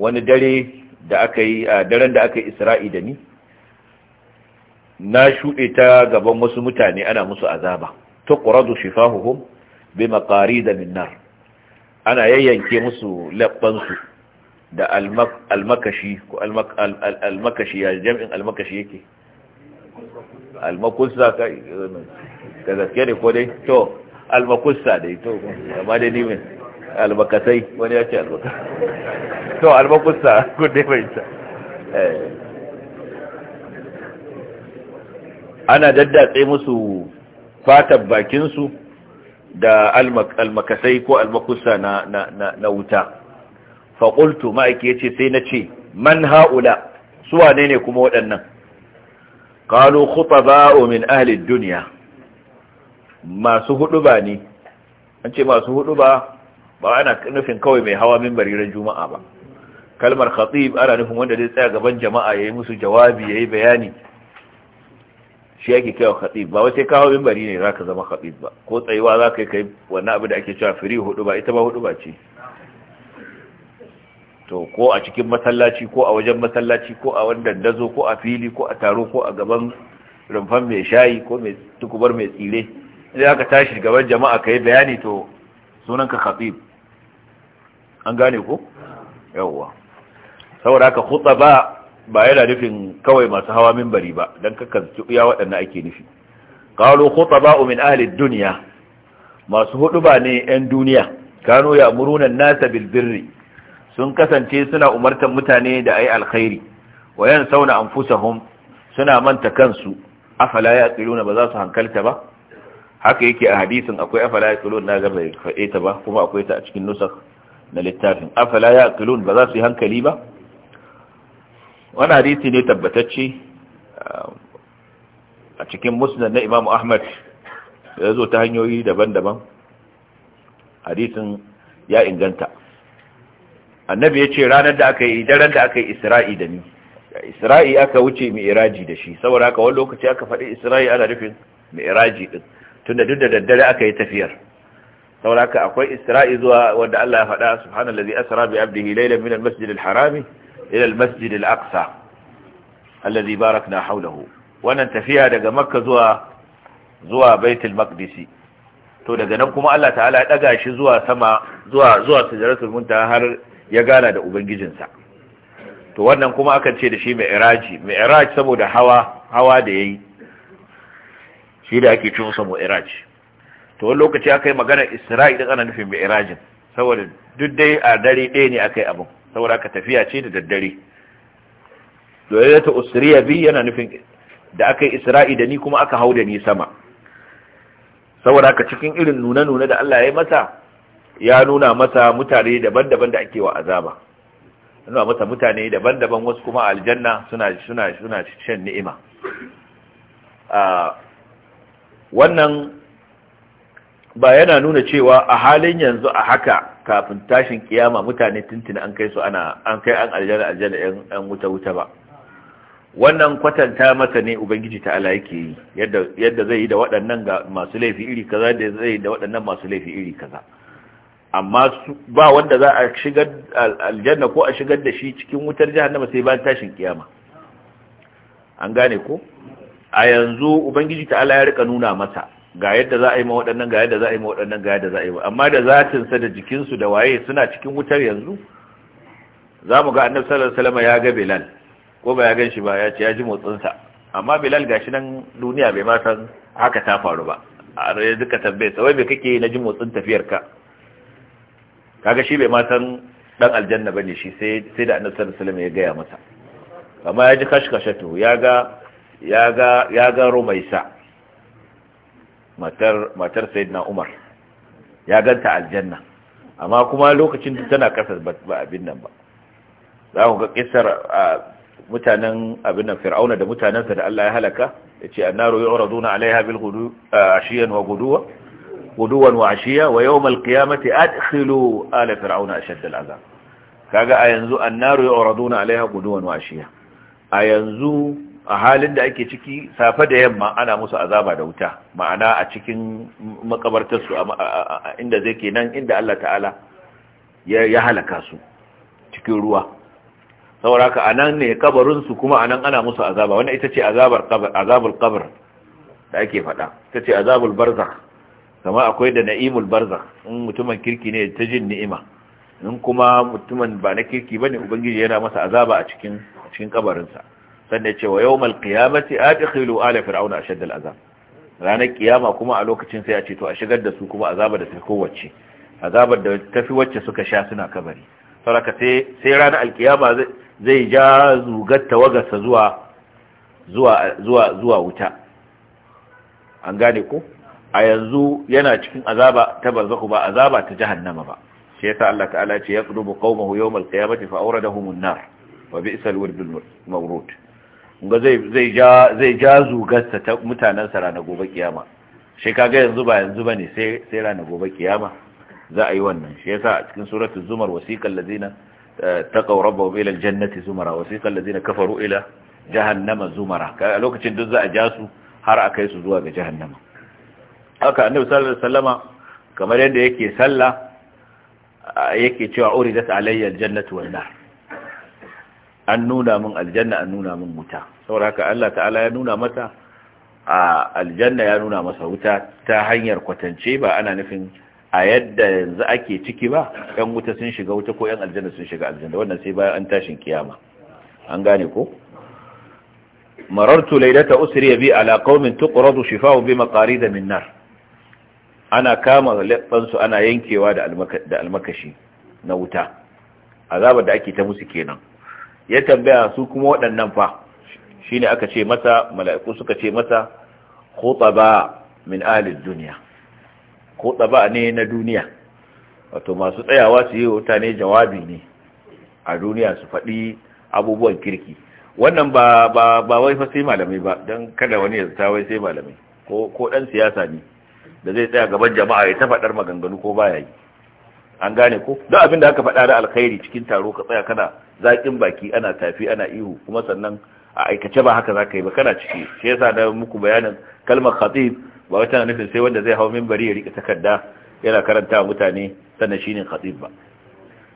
wani dare da akai uh, daren da akai isra'i da ni na shuɗe ta gaban wasu mutane ana musu azaba tuqradu shifahuhum bimaqarida min nar ana yayyanke musu labbansu da almakashi ko almakashi ya almakashi yake almakussa ka ka zaske ko dai to almakussa dai to amma dai ni mai albakasai wani ya ce albakasai to almakussa ko dai bai eh. ana daddatse musu fatar bakinsu da almakasai ko almakusa na wuta faƙultu ma'aiki ya ce sai na ce man ha'ula suwa ne ne kuma waɗannan ƙalu kufa ba'o min ahalin duniya masu hudu ba ne an ce masu hudu ba ba ana nufin kawai mai hawa min juma'a ba kalmar khatib ana nufin wanda zai tsaya gaban jama'a ya yi musu jawabi ya yi bayani shi yake wa khatib ba wai sai kawo mimbari ne zaka zama khatib ba ko tsayuwa zaka kai wannan abu da ake cewa firi hudu ba ita ba hudu ba ce to ko a cikin masallaci ko a wajen masallaci ko a wani dazo ko a fili ko a taro ko a gaban rumfan mai shayi ko mai tukubar mai tsire idan aka tashi gaban jama'a ka bayani to sunanka khatib an gane ko yawwa saboda haka khutaba ba yana nufin kawai masu hawa mimbari ba don kakan ya waɗanda ake nufi ƙalu khutaba min ahalin duniya masu hudu ba ne 'yan duniya kano ya murunan nasa bilbirri sun kasance suna umartar mutane da ayi alkhairi 'yan sauna anfusahum suna manta kansu afala ya tsiluna ba za su hankalta ba haka yake a hadisin akwai afala ya tsilun na gaba ya faɗe ta ba kuma akwai ta a cikin nusar na littafin afala ya tsilun ba za su yi hankali ba wani hadisi ne tabbatacce uh, a cikin musulun na imamu ahmad ya zo ta hanyoyi daban-daban hadisin ya inganta annabi ya ce ranar da aka yi daren da aka yi isra'i da ni isra'i aka wuce mai iraji da shi saboda haka wani lokaci aka faɗi isra'i ana nufin mai ɗin tunda duk da daddare aka yi tafiyar saboda haka akwai isra'i zuwa wanda Allah ya faɗa subhanallazi asra bi abdihi laylan min al-masjid al-harami ila al-masjid al-aqsa alladhi barakna hawlahu wannan tafiya daga makka zuwa zuwa baitul maqdis to daga nan kuma Allah ta'ala ya daga shi zuwa sama zuwa zuwa sidratul muntaha har ya gana da ubangijinsa to wannan kuma akan ce da shi mi'raji mi'raj saboda hawa hawa da yayi shi da ake cin sa mi'raj to wani lokaci aka yi magana isra'i din ana nufin mi'rajin saboda duk dai a dare ɗaya ne aka yi abin saboda ka tafiya ce da daddare ta usriya bi yana nufin da aka yi isra'i da ni kuma aka hau da ni sama saboda ka cikin irin nuna-nuna da Allah ya masa ya nuna masa mutane daban-daban da ake wa azaba nuna masa mutane daban-daban wasu kuma aljanna suna suna suna shan ni'ima wannan ba yana nuna cewa a halin yanzu a haka kafin tashin kiyama mutane tuntuna an kai su ana an kai an aljanna aljana yan wuta wuta ba wannan kwatanta maka ne ubangiji ta ala yake yi yadda yadda zai yi da waɗannan ga masu laifi iri kaza da zai yi da waɗannan masu laifi iri kaza amma ba wanda za a shigar aljanna ko a shigar da shi cikin wutar jahannama sai bayan tashin kiyama an gane ko a yanzu ubangiji ta ala ya rika nuna masa ga yadda za a yi ma waɗannan ga yadda za a yi ma waɗannan ga yadda za a yi amma da zatinsa da jikinsu da waye suna cikin wutar yanzu za mu ga annabi sallallahu alaihi wasallam ya ga bilal ko ba ya gan shi ba ya ce ya ji motsinsa amma bilal gashi nan duniya bai ma san haka ta faru ba a rai duka tambaye sa me kake na ji motsin tafiyar ka kaga shi bai ma san dan aljanna bane shi sai sai da annabi sallallahu alaihi wasallam ya gaya masa amma ya ji kashkashatu ya ga ya ga ya ga rumaisa matar matar sayyidina Umar ya ganta aljanna amma kuma lokacin da tana kasa ba abin nan ba za ku ga kissar mutanen abin nan fir'auna da mutanensa da Allah ya halaka yace annaru yu'raduna 'alayha bil ghudu ashiyan wa ghuduwa guduwan wa ashiya wa yau yawmal a tsilo ala fir'auna a ashadd aza kaga a yanzu annaru yu'raduna 'alayha guduwan wa ashiya a yanzu a halin da ake ciki safe da yamma ana musu azaba da wuta ma'ana a cikin makabartarsu inda zai kenan inda Allah ta'ala ya halaka su cikin ruwa sauraka a nan ne kabarinsu kuma a nan ana musu azaba wannan ita ce azabar kabar da ake faɗa ita ce azabul barzak kama akwai da na'imul barzak in mutumin kirki ne ta jin ni'ima in kuma mutumin ba na kirki ba ne ubangiji yana masa azaba a cikin kabarinsa sannan ce wa yawmal qiyamati adkhilu ala fir'auna ashad al'azab ranar kiyama kuma a lokacin sai a ce to a shigar da su kuma azaba da tafi kowace azabar da tafi wacce suka sha suna kabari saboda sai ranar alkiyama zai ja zugar tawagarsa zuwa zuwa zuwa zuwa wuta an gane ko a yanzu yana cikin azaba ta barzakhu ba azaba ta jahannama ba shi yasa Allah ta'ala ce yaqdubu qaumahu yawmal qiyamati fa awradahum an-nar wa bi'sal wirdul mawrud zai ja zugarsa ta mutanensa, ranar gobe kiyama shi kaga yanzu ba yanzu ba ne, sai ranar gobe kiyama za a yi wannan shi yasa a cikin suratun zumar wasiqal lazina eh, ta rabbahum ila jannati zumara Wasiƙar lazina kafaru ila jahannama zumara a lokacin duk za a ja su har a kai su zuwa ga jahannama haka annabi sallallahu alaihi wasallama kamar yadda yake sallah yake cewa uridat alayya aljannatu wan nar an nuna min aljanna an nuna min wuta saboda haka Allah ta'ala ya nuna mata a aljanna ya nuna masa wuta ta hanyar kwatance ba ana nufin a yadda yanzu ake ciki ba yan wuta sun shiga wuta ko yan aljanna sun shiga aljanna wannan sai bayan an tashin kiyama an gane ko marartu laylata usri bi ala qaumin tuqradu shifa'u bi maqarid min nar ana kama labban su ana yankewa da almakashi na wuta azabar da ake ta musu kenan ya tambaya su kuma waɗannan fa shine aka ce masa mala'iku suka ce masa khutaba min ahli dunya khutaba ne na duniya wato masu tsayawa su yi mutane jawabi ne a duniya su faɗi abubuwan kirki wannan ba ba ba wai fa sai malami ba don kada wani ya zata wai sai malami ko ko dan siyasa ne da zai tsaya gaban jama'a ya ta faɗar maganganu ko baya yi an gane ko don abin da aka faɗa da alkhairi cikin taro ka tsaya kana zaƙin baki ana tafi ana ihu kuma sannan a aikace ba haka za ka yi ba kana ciki shi yasa na muku bayanin kalmar khatib ba wata na nufin sai wanda zai hau mimbari ya rika takarda yana karanta mutane sannan shine khatib ba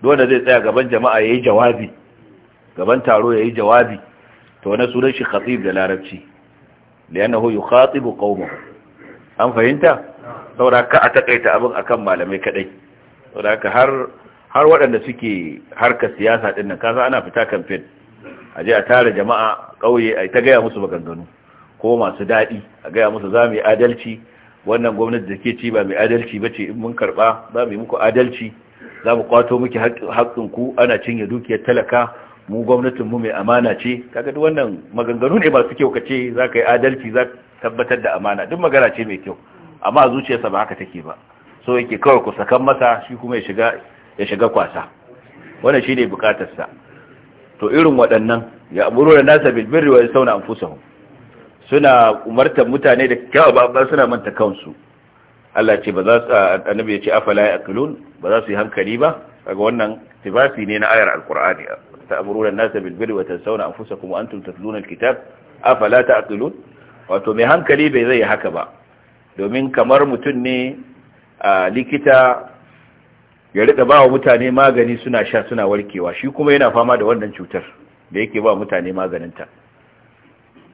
wanda zai tsaya gaban jama'a ya yi jawabi gaban taro ya yi jawabi to wani sunan shi khatib da larabci da hoyo khatibu kauma an fahimta saboda ka a takaita abin akan malamai kadai saboda har har waɗanda suke harka siyasa ɗin nan kasa ana fita kamfen a je a tara jama'a ƙauye a ta gaya musu maganganu ko masu daɗi a gaya musu za mu yi adalci wannan gwamnati da ke ci ba mai adalci ba ce in mun karɓa za mu yi muku adalci za mu kwato miki ku ana cinye dukiyar talaka mu gwamnatin mu mai amana ce kaga duk wannan maganganu ne masu kyau kace ka yi adalci za tabbatar da amana duk magana ce mai kyau amma zuciyarsa ba haka take ba so yake kawai ku sakan masa shi kuma ya shiga ya shiga kwasa wannan shine bukatarsa to irin waɗannan ya amuru da nasa bil birri wa yasawna anfusahum suna umartar mutane da kyawa ba suna manta kansu Allah ce ba za su annabi ya ce afala yaqilun ba za su yi hankali ba kaga wannan tibasi ne na ayar alqur'ani ta'muruna an-nasa bil birri wa tansawna anfusakum wa antum tatluna al-kitab afala ta'qilun wato mai hankali bai zai haka ba domin kamar mutum ne likita ya rika ba wa mutane magani suna sha suna warkewa shi kuma yana fama da wannan cutar da yake ba mutane maganinta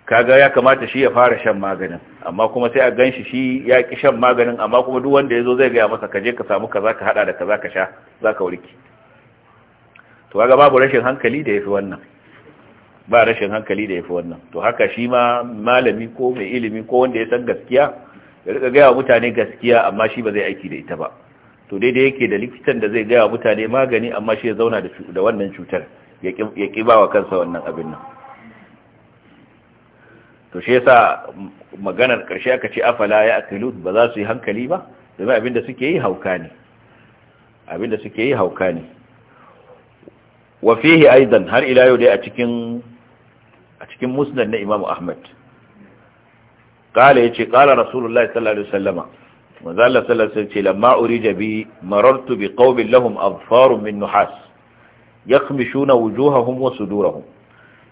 kaga ya kamata shi ya fara shan maganin amma kuma sai a ganshi shi ya ki shan maganin amma kuma duk wanda ya zo zai gaya masa ka je ka samu kaza ka hada da kaza ka sha za ka warke to kaga babu rashin hankali da yafi wannan ba rashin hankali da yafi wannan to haka shi ma malami ko mai ilimi ko wanda ya san gaskiya ya rika gaya mutane gaskiya amma shi ba zai aiki da ita ba to daidai yake da likitan da zai gaya mutane magani amma shi ya zauna da wannan cutar ya ƙi wa kansa wannan abin nan to shi yasa maganar ƙarshe aka ce afala ya akilu ba za su yi hankali ba domin abin da suke yi hauka ne abin da suke yi hauka ne wa fihi aidan har ila yau dai a cikin a cikin musnad na Imam Ahmad qala yace qala Rasulullahi sallallahu alaihi wasallama manzo Allah sallallahu alaihi wasallam lamma urija bi marartu bi qaumin lahum adfarun min nuhas yakhmishuna wujuhahum wa sudurahum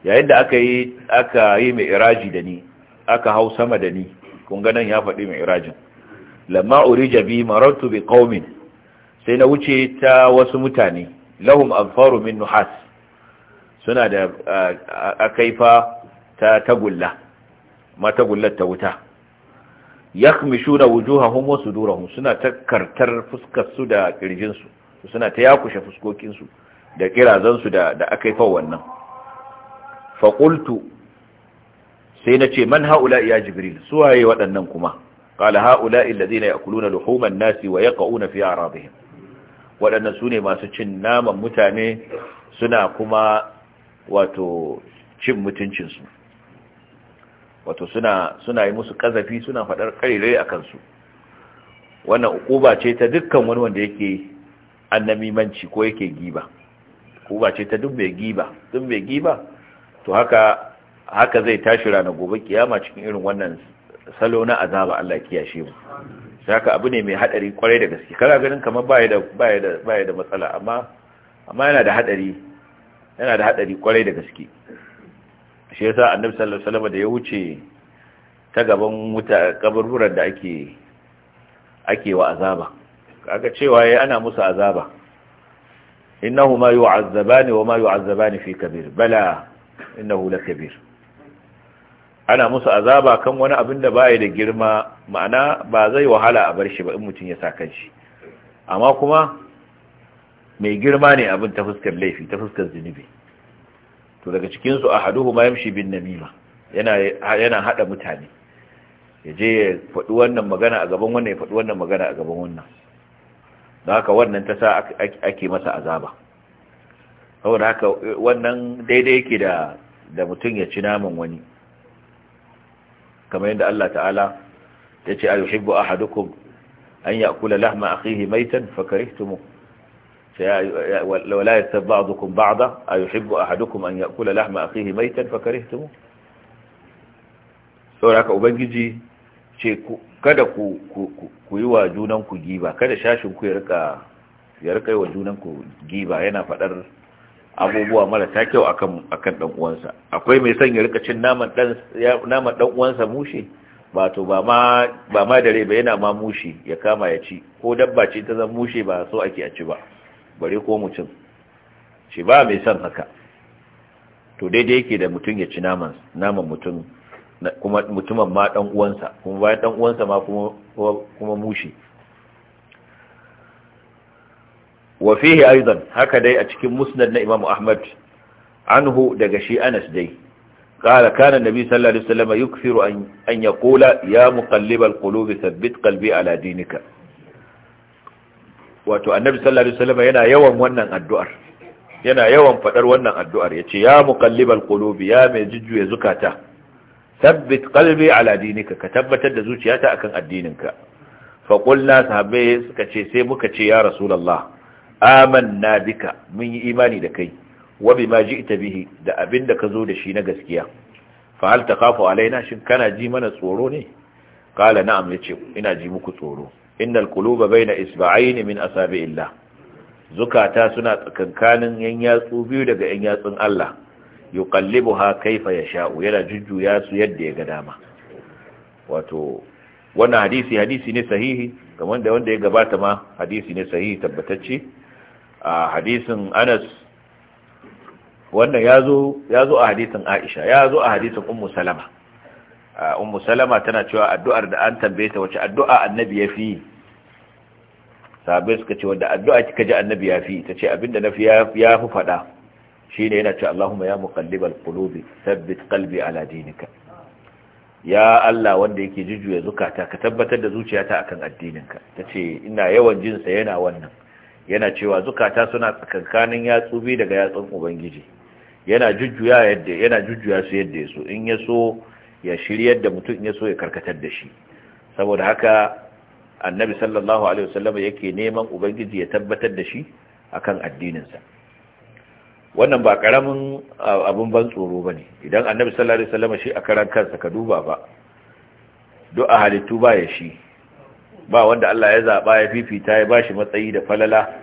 yayin da aka yi aka yi mi'raji da ni aka hau sama da ni kun ga nan ya faɗi irajin. lamma urija bi marartu bi qaumin sai na wuce ta wasu mutane lahum adfarun min nuhas suna da akaifa ta tagulla ma tagullar ta wuta yakhmishuna wujuhahum wa sudurahum suna ta kartar fuskar da kirjin su suna ta yakushe fuskokinsu da kirazan da da akai fa wannan fa qultu sai nace man haula ya jibril suwaye waɗannan kuma qala haula alladhina yakuluna luhuman nasi wa yaqauna fi aradihim waɗannan sune masu cin naman mutane suna kuma wato cin mutuncinsu. wato suna suna yi musu kazafi suna faɗar ƙarirai a kansu wannan ukuba ce ta dukkan wani wanda yake manci ko yake giba ukuba ce ta duk mai giba duk mai giba to haka haka zai tashi rana gobe kiyama cikin irin wannan salo na azaba Allah kiyashe mu haka abu ne mai hadari kwarai da gaske kana ganin kamar baya da baya da baya da matsala amma amma yana da hadari yana da hadari kwarai da gaske shi yasa annabi sallallahu alaihi wasallam da ya wuce ta gaban wuta kaburburan da ake ake wa azaba kaga cewa yayi ana musu azaba ma yu'azzabani ma yu'azzabani fi kabir bala innahu kabir. ana musu azaba kan wani abin da bai da girma ma'ana ba zai wahala a bar shi ba in mutum ya sa kanshi amma kuma mai girma ne abin ta fuskar laifi ta fuskar zunubi to daga cikin su ma yamshi bin namima yana yana haɗa mutane yaje ya faɗi wannan magana a gaban wannan ya faɗi wannan magana a gaban wannan da haka wannan ta sa ake masa azaba saboda haka wannan daidai yake da da mutum ya ci naman wani kamar yadda Allah ta'ala ya ce a yuhibbu ahadukum an ya'kula lahma akhihi maitan fakarihtumu ولا يتب بعضكم بعضا أيحب أحدكم أن يأكل لحم أخيه ميتا فكرهتموه sauraka ubangiji ce kada ku yi wa junanku giba kada shashinku ya rika yi wa junanku giba yana fadar abubuwa ta kyau akan dan uwansa akwai mai son ya rika cin naman ɗan uwansa mushi ba to ba ma da rai ba yana ma mushi ya kama ya ci ko dabba ce ta zan mushi ba so ake a ci ba Bari ko mutum shi ba mai son haka to daidai yake da mutum ya ci naman naman mutum kuma mutumin ma dan uwansa kuma bayan dan uwansa ma kuma kuma mushi wa fihi aidan haka dai a cikin musnad na Imam Ahmad anhu daga shi Anas dai qala kana nabi sallallahu alaihi wasallam yukthiru an أن, أن يقول يا مقلب القلوب ثبت قلبي على wato annabi sallallahu alaihi wasallam yana yawan wannan addu'ar yana yawan fadar wannan addu'ar yace ya muqallibal qulubi ya mai jujjuye zukata tabbit qalbi ala dinika ka tabbatar da zuciyata akan addininka fa qulna sahabbai suka ce sai muka ce ya rasulullah amanna bika mun yi imani da kai wa bima ji'ta bihi da abinda ka zo da shi na gaskiya fa hal takhafu alaina shin kana ji mana tsoro ne qala na'am yace ina ji muku tsoro innal quluba baina isba'aini min asabi'illah zukata suna tsakankanin yan yatsu biyu daga yan yatsun Allah yuqallibuha kaifa yasha'u yana jujjuya su yadda ya ga dama wato wannan hadisi hadisi ne sahihi kamar da wanda ya gabata ma hadisi ne sahihi tabbatacce a hadisin Anas wannan yazo yazo a hadisin Aisha yazo a hadisin Ummu Salama Uh, ummu salama tana cewa addu'ar da an tambaye ta wace addu'a annabi ya fi sabai suka ce wanda addu'a kika ji annabi ya fi ta ce abinda na fi ya fi faɗa ne yana cewa Allahumma ya muqallibal qulubi thabbit qalbi ala dinika ya Allah wanda yake jujjuya zukata ka tabbatar da zuciyata akan addininka Ta ce ina yawan jin sa yana wannan yana cewa zukata suna tsakankanin yatsu bi daga yatsun ubangiji yana jujjuya yadda yana jujjuya su yadda yaso in yaso ya shiryar da mutum ya so ya karkatar da shi saboda haka annabi sallallahu alaihi wasallam yake neman ubangiji ya tabbatar da shi akan addininsa wannan ba karamin abun ban tsoro bane idan annabi sallallahu alaihi wasallam shi a karan kansa ka duba ba du'a halittu ba ya shi ba wanda Allah ya zaba ya fifita ya bashi matsayi da falala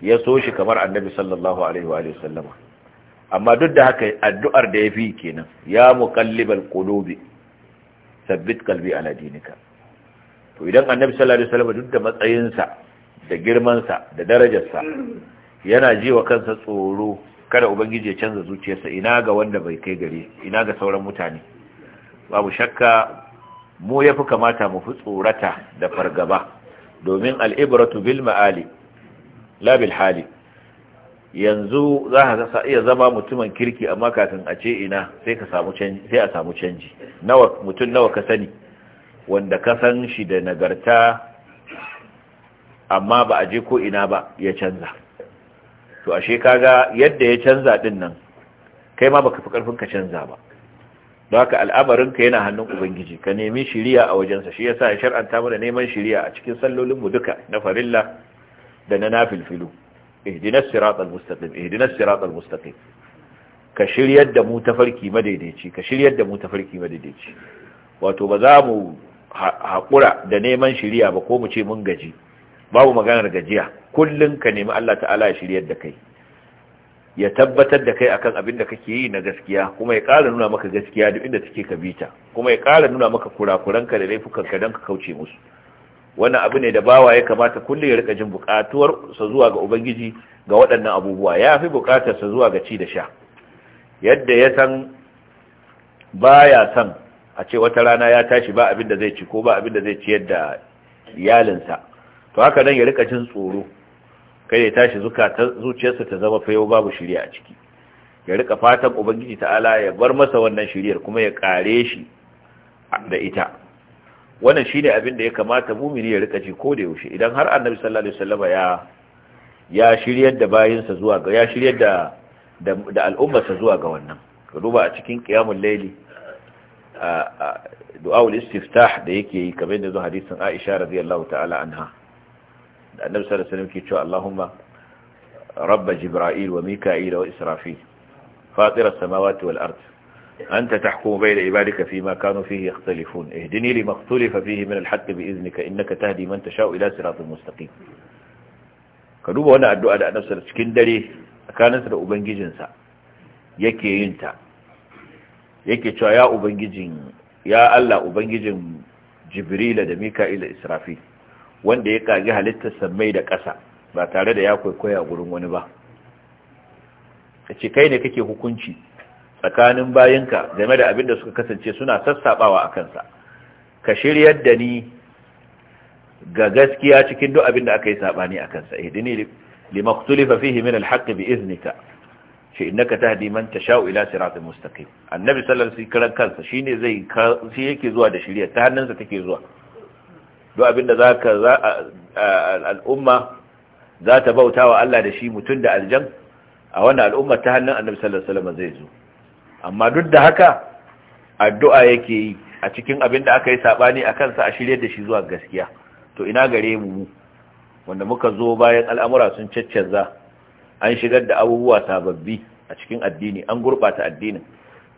ya so shi kamar annabi sallallahu alaihi wa amma duk da haka addu'ar da ya fi kenan ya muqallibal qulubi sabbit kalbi ala dinika to idan annabi sallallahu alaihi wasallam duk da matsayin sa da girmansa da darajarsa yana ji wa kansa tsoro kada ubangiji ya canza zuciyarsa ina ga wanda bai kai gare ina ga sauran mutane babu shakka mu ya fi kamata mu fi tsorata da fargaba domin al'ibratu bil ma'ali la bil hali yanzu za ka iya zama mutumin kirki amma kafin a ce ina sai a samu canji mutum nawa ka sani wanda ka san shi da nagarta amma ba a je ko ina ba ya canza to ashe kaga yadda ya canza din nan kai ma baka fi karfin ka canza ba don haka al'amarin ka yana hannun ubangiji ka nemi shiriya a wajensa shi ya sa ya shar'anta mana neman shiriya a cikin sallolin mu duka na farilla da na nafilfilu ihdinas siratal mustaqim ihdinas siratal mustaqim ka shiryar da mu farki madaidaici ka shiryar da mu farki madaidaici wato ba za mu haƙura da neman shiriya ba ko mu ce mun gaji babu maganar gajiya kullun ka nemi Allah ta'ala ya shiryar da kai ya tabbatar da kai akan abin da kake yi na gaskiya kuma ya ƙara nuna maka gaskiya duk inda take ka bita kuma ya ƙara nuna maka kurakuranka da laifukanka don ka kauce musu wannan abu ne da bawa ya kamata kulle ya rika jin bukatuwar sa zuwa ga ubangiji ga waɗannan abubuwa ya fi bukatar sa zuwa ga ci da sha yadda ya san baya san a ce wata rana ya tashi ba abin da zai ci ko ba abin da zai ci yadda iyalinsa to haka nan ya rika jin tsoro kai ya tashi zuciyarsa ta zama fayo babu shirya a ciki ya rika fatan ubangiji ta'ala ya bar masa wannan shiriyar kuma ya kare shi da ita wannan shine abin da ya kamata mumini ya rika ji ko da yaushe idan har annabi sallallahu alaihi wasallama ya ya shiryar da sa zuwa ga ya shiryar da da al'ummarsa zuwa ga wannan ka duba a cikin qiyamul layli du'aul istiftah da yake yi kamar da zuwa hadisin Aisha radiyallahu ta'ala anha da annabi sallallahu alaihi wasallam ke cewa Allahumma rabb jibril wa mika'il wa israfil fatir as-samawati wal ardh أنت تحكم بين عبادك فيما كانوا فيه يختلفون اهدني لما اختلف فيه من الحق بإذنك إنك تهدي من تشاء إلى صراط مستقيم كدوب وانا الدعاء دا نفسر سكندري كانت دا أبنجيجنسا يكي ينتا يكي تشا يا أبنجيجن يا الله أبنجيجن جبريل دا ميكائيل إسرافيل wanda ya kage halittar sammai da ƙasa ba tare da ya kwaikwaya gurin wani ba ka ce kai ne kake hukunci tsakanin bayinka game da abin da suka kasance suna sassabawa a kansa ka shiryar da ni ga gaskiya cikin duk abin da aka yi sabani a kansa ihdini limaktulifa fihi min alhaqqi bi iznika shi innaka tahdi man tasha'u ila siratin mustaqim annabi sallallahu alaihi wasallam kansa shine zai shi yake zuwa da shirya ta hannunsa take zuwa duk abin da zaka al'umma za ta bautawa Allah da shi mutun da aljan a wannan al'umma ta hannun annabi sallallahu alaihi wasallam zai zo amma duk da haka addu'a yake yi a cikin abin da aka yi saɓani a kansa a shirye da shi zuwa gaskiya to ina gare mu wanda muka zo bayan al'amura sun caccanza an shigar da abubuwa sababbi a cikin addini an gurɓata addinin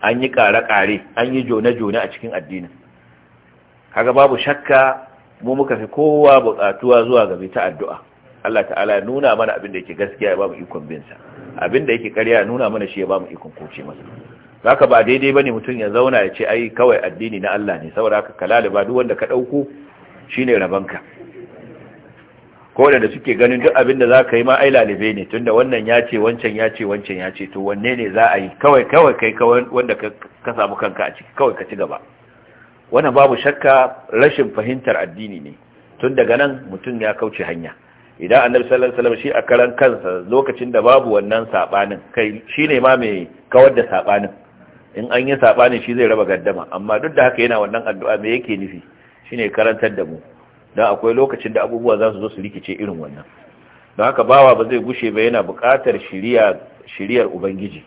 an yi ƙare-ƙare an yi jone-jone a cikin addinin kaga babu shakka mu muka fi kowa buƙatuwa zuwa gabe ta addu'a Allah ta'ala ya nuna mana abin da yake gaskiya ya ba mu ikon binsa abin da yake ƙarya ya nuna mana shi ya ba mu ikon koce masa zaka ba daidai bane mutum ya zauna ya ce ai kawai addini na Allah ne saboda haka ba duk wanda ka dauko shine rabanka ko da suke ganin duk abin da zaka yi ma ai lalibe ne tunda wannan ya ce wancan ya ce wancan ya ce to wanne ne za a yi kawai kawai kai kawai wanda ka samu kanka a ciki kawai ka ci gaba wannan babu shakka rashin fahimtar addini ne tun daga nan mutum ya kauce hanya idan annabi sallallahu alaihi wasallam shi a karan kansa lokacin da babu wannan sabanin kai shine ma mai kawar da sabanin in an yi saɓani shi zai raba gaddama amma duk da haka yana wannan addu'a me yake nufi shine karantar da mu don akwai lokacin da abubuwa za su zo su rikice irin wannan don haka bawa ba zai gushe ba yana buƙatar shiriyar ubangiji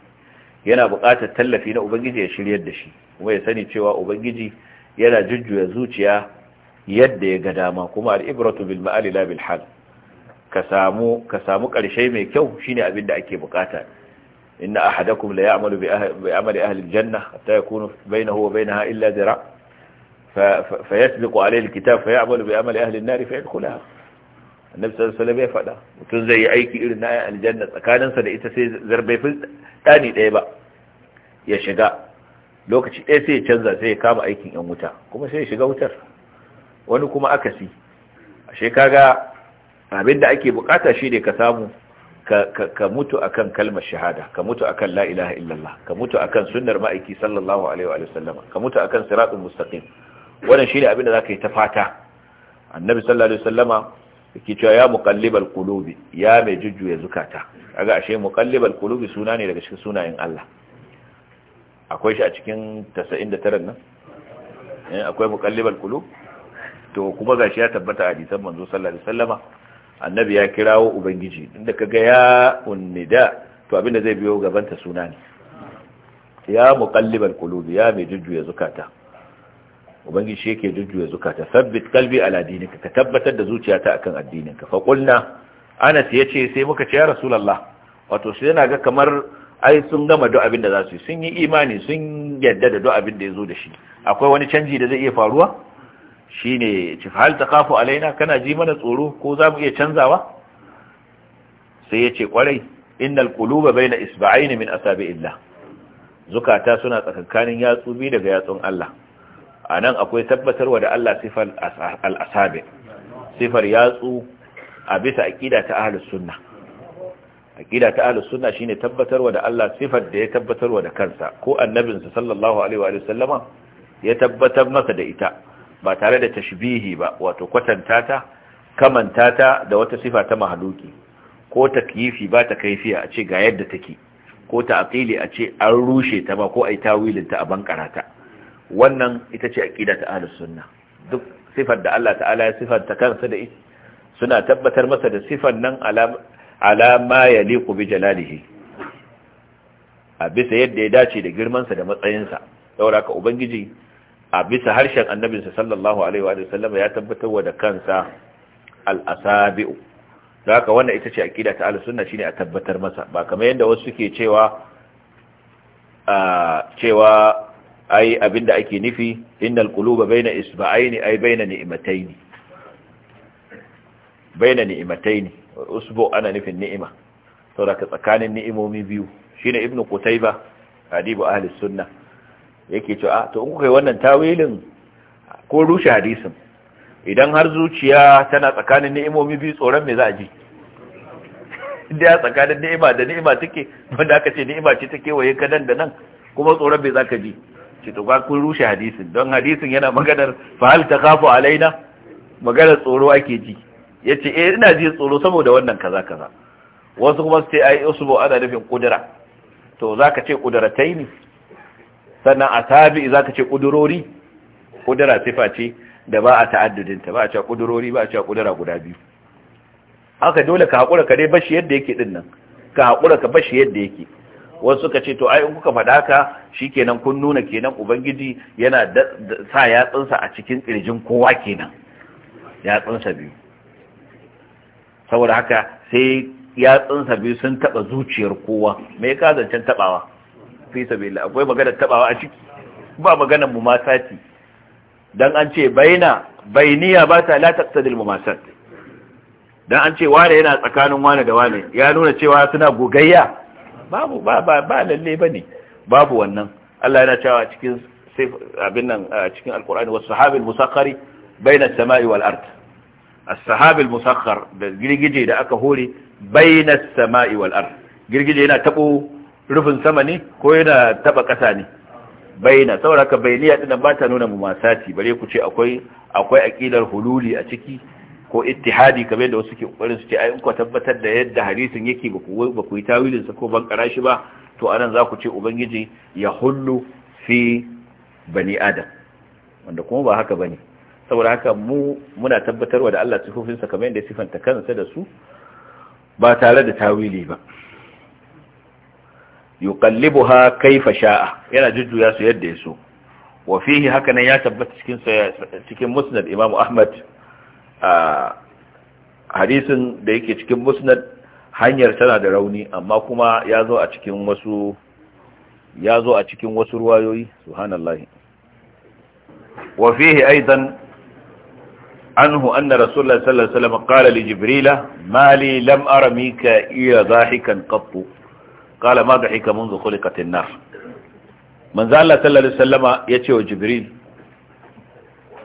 yana buƙatar tallafi na ubangiji ya shiryar da shi kuma ya sani cewa ubangiji yana jujjuya zuciya yadda ya ga dama kuma al'ibratu bil ma'ali la bil hal ka samu ka samu ƙarshe mai kyau shine abin da ake bukata. إن أحدكم ليعمل بعمل أهل الجنة حتى يكون بينه وبينها إلا ذراع فيسبق عليه الكتاب فيعمل بعمل أهل النار فيدخلها النبي صلى الله عليه وسلم يفعل وتنزي أيك إرناء الجنة كان أنسى لإتسي ذربي فلت تاني ديبا يشقى لو كتش إيسي تنزى سي كام أيك يموتا كما سي يشقى وتر ونكما أكسي الشيكاقا عبد أيك بقاتا شيري كسامو ka mutu akan kalmar shahada ka mutu akan la ilaha illallah ka mutu akan sunnar ma'aiki sallallahu alaihi wa sallama ka mutu akan siratul mustaqim wannan shine abin da zaka yi ta fata annabi sallallahu alaihi wa sallama yake cewa ya muqallibal qulubi ya mai jujjuya zukata kaga ashe muqallibal qulubi suna ne daga cikin sunayen Allah akwai shi a cikin 99 nan eh akwai muqallibal qulub to kuma gashi ya tabbata a hadisan manzo sallallahu alaihi wa sallama annabi ya kirawo ubangiji inda kaga ya unnida to abinda zai biyo gabanta suna ne ya muqallibal qulubi ya mai jujjuya zukata ubangiji yake jujjuya zukata sabbit qalbi ala dinika ka tabbatar da zuciyata akan addininka fa qulna anas yace sai muka ce ya rasulullah wato sai yana ga kamar ai sun gama duk abinda za su yi sun yi imani sun yadda da duk abinda yazo ya zo da shi akwai wani canji da zai iya faruwa shine hal taqafu alaina kana ji mana tsoro ko za mu iya canzawa sai yace kwarai innal quluba baina isba'ain min illa. zukata suna tsakankanin yatsu bi daga yatsun Allah A nan akwai tabbatarwa da Allah sifar al-asabi sifar yatsu a bisa aqida ta ahlus sunna aqida ta ahlus sunna ne tabbatarwa da Allah sifar da ya tabbatarwa da kansa ko annabinsa sallallahu alaihi wa sallama ya tabbatar masa da ita ba tare da tashbihi ba wato kwatanta ta kamanta ta da wata sifa ta mahaluki ko takyifi ba ta kaifiya a ce ga yadda take ko ta aqili a ce an rushe ta ba ko ai tawilin ta a bankarata. wannan ita ce aqida ta ahlus sunna duk sifar da Allah ta'ala ya sifanta kansa da ita suna tabbatar masa da sifan nan ala ma yaliqu bi jalalihi a bisa yadda ya dace da girmansa da matsayinsa saboda ka ubangiji a bisa harshen annabinsa sallallahu alaihi wa sallama ya tabbatar da kansa al-asabi'u da haka wannan ita ce aqida ta al-sunna shine a tabbatar masa ba kamar yadda wasu suke cewa a cewa ai abinda ake nufi innal quluba baina isba'aini ai baina ni'mataini baina ni'mataini usbu ana nufin ni'ima saboda tsakanin ni'imomi biyu shine ibnu qutayba adibu ahli sunnah yake cewa ah, to in kuka yi wannan tawilin ko rushe hadisin idan har zuciya tana tsakanin ni'imomi biyu tsoron me za a ji [LAUGHS] da ya tsakanin ni'ima da ni'ima take wanda aka ce ni'ima ce take waye ka nan da nan kuma tsoron me za ka ji ce to ka kun rushe hadisin don hadisin yana maganar fahal ta kafa alaina maganar tsoro ake ji yace eh ina ji tsoro saboda wannan kaza kaza wasu kuma su ce ai usbu ana nufin kudura to zaka ce kudura ni. sannan a tabi za ka ce kudurori? Kudura sifa ce da ba a ta'addudinta ba a cewa kudurori ba a cewa kudura guda biyu haka dole ka haƙura ka dai bashi yadda yake ɗin nan ka haƙura ka bashi yadda yake wasu suka ce to ai in kuka faɗa ka kenan kun nuna kenan ubangiji yana sa yatsunsa a cikin ƙirjin kowa kenan yatsunsa biyu saboda haka sai yatsunsa biyu sun taɓa zuciyar kowa me ka zancen taɓawa fi sabilillah akwai magana tabawa a ciki ba maganar mumasati dan an ce baina bainiya ba ta la taqtadil mumasat dan an ce wane yana tsakanin wane da wane ya nuna cewa suna gogayya babu ba ba ba lalle bane babu wannan Allah yana cewa cikin sai abin nan cikin alqur'ani was sahabil musakhkhari baina samai wal ard as musakhkhar da girgije da aka hore baina as-sama'i wal ard girgije yana tabo rufin sama ne ko yana taba kasa ne bayyana saboda ka dinan ba ta nuna mumasati bare ku ce akwai akwai aqidar hululi a ciki ko ittihadi kamar da wasu ke kokarin su ce ai in ku tabbatar da yadda hadisin yake ba ku ba ku tawilin sa ko ban karashi ba to anan za ku ce ubangiji ya hullu fi bani adam wanda kuma ba haka bane saboda haka mu muna tabbatarwa da Allah sifofinsa kamar yadda sifanta kansa da su ba tare da tawili ba yuqallibuha kaifa sha'a yana jujjuya su yadda ya so wa fihi haka nan ya tabbata cikin cikin musnad imam ahmad a hadisin da yake cikin musnad hanyar tana da rauni amma kuma ya zo a cikin wasu ya zo a cikin wasu ruwayoyi subhanallahi wa fihi aidan anhu anna rasulullah sallallahu alaihi wasallam qala li jibrila mali lam ara mika iya zahikan qattu qala ma dhahika منذ khuliqat an-nar manzo Allah sallallahu alaihi wasallama wa jibril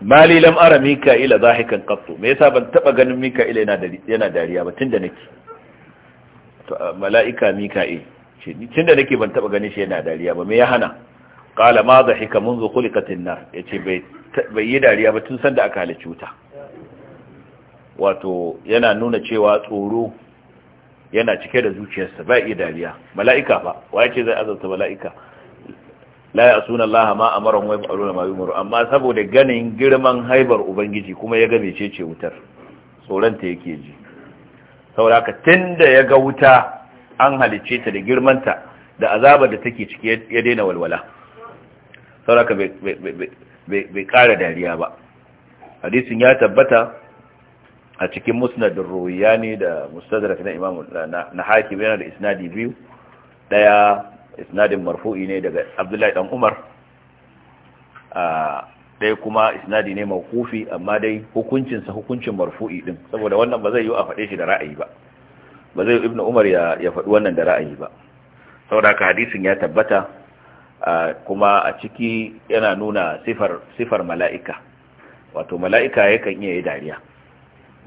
mali lam ara mika'ila dhahikan qattu me yasa ban taba ganin mika'ila yana yana dariya ba tunda nake to mala'ika mika'il ce tunda nake ban taba ganin shi yana dariya ba me ya hana qala ma dhahika منذ khuliqat an-nar bai yi dariya ba tun sanda aka halicci wuta wato yana nuna cewa tsoro yana cike da zuciyarsa ba iya dariya mala'ika ba waye ce zai azabta mala'ika la ya'suna Allah ma amara wa yaf'aluna ma maru amma saboda ganin girman haibar ubangiji kuma ya ga ce wutar tsoron yake ji saboda da ya ga wuta an halicce ta da girman ta da azabar da take ciki ya daina walwala saboda bai bai kara dariya ba hadisin ya tabbata a cikin musnadin ne da mustadrak na imam na hakim yana da isnadi biyu daya isnadin marfu'i ne daga abdullahi dan umar ɗaya kuma isnadi ne mawkufi amma dai hukuncinsa hukuncin marfu'i din saboda wannan ba zai yi a faɗe shi da ra'ayi ba ba zai ibnu umar ya ya faɗi wannan da ra'ayi ba saboda haka hadisin ya tabbata kuma a ciki yana nuna sifar sifar mala'ika wato mala'ika yakan iya yi dariya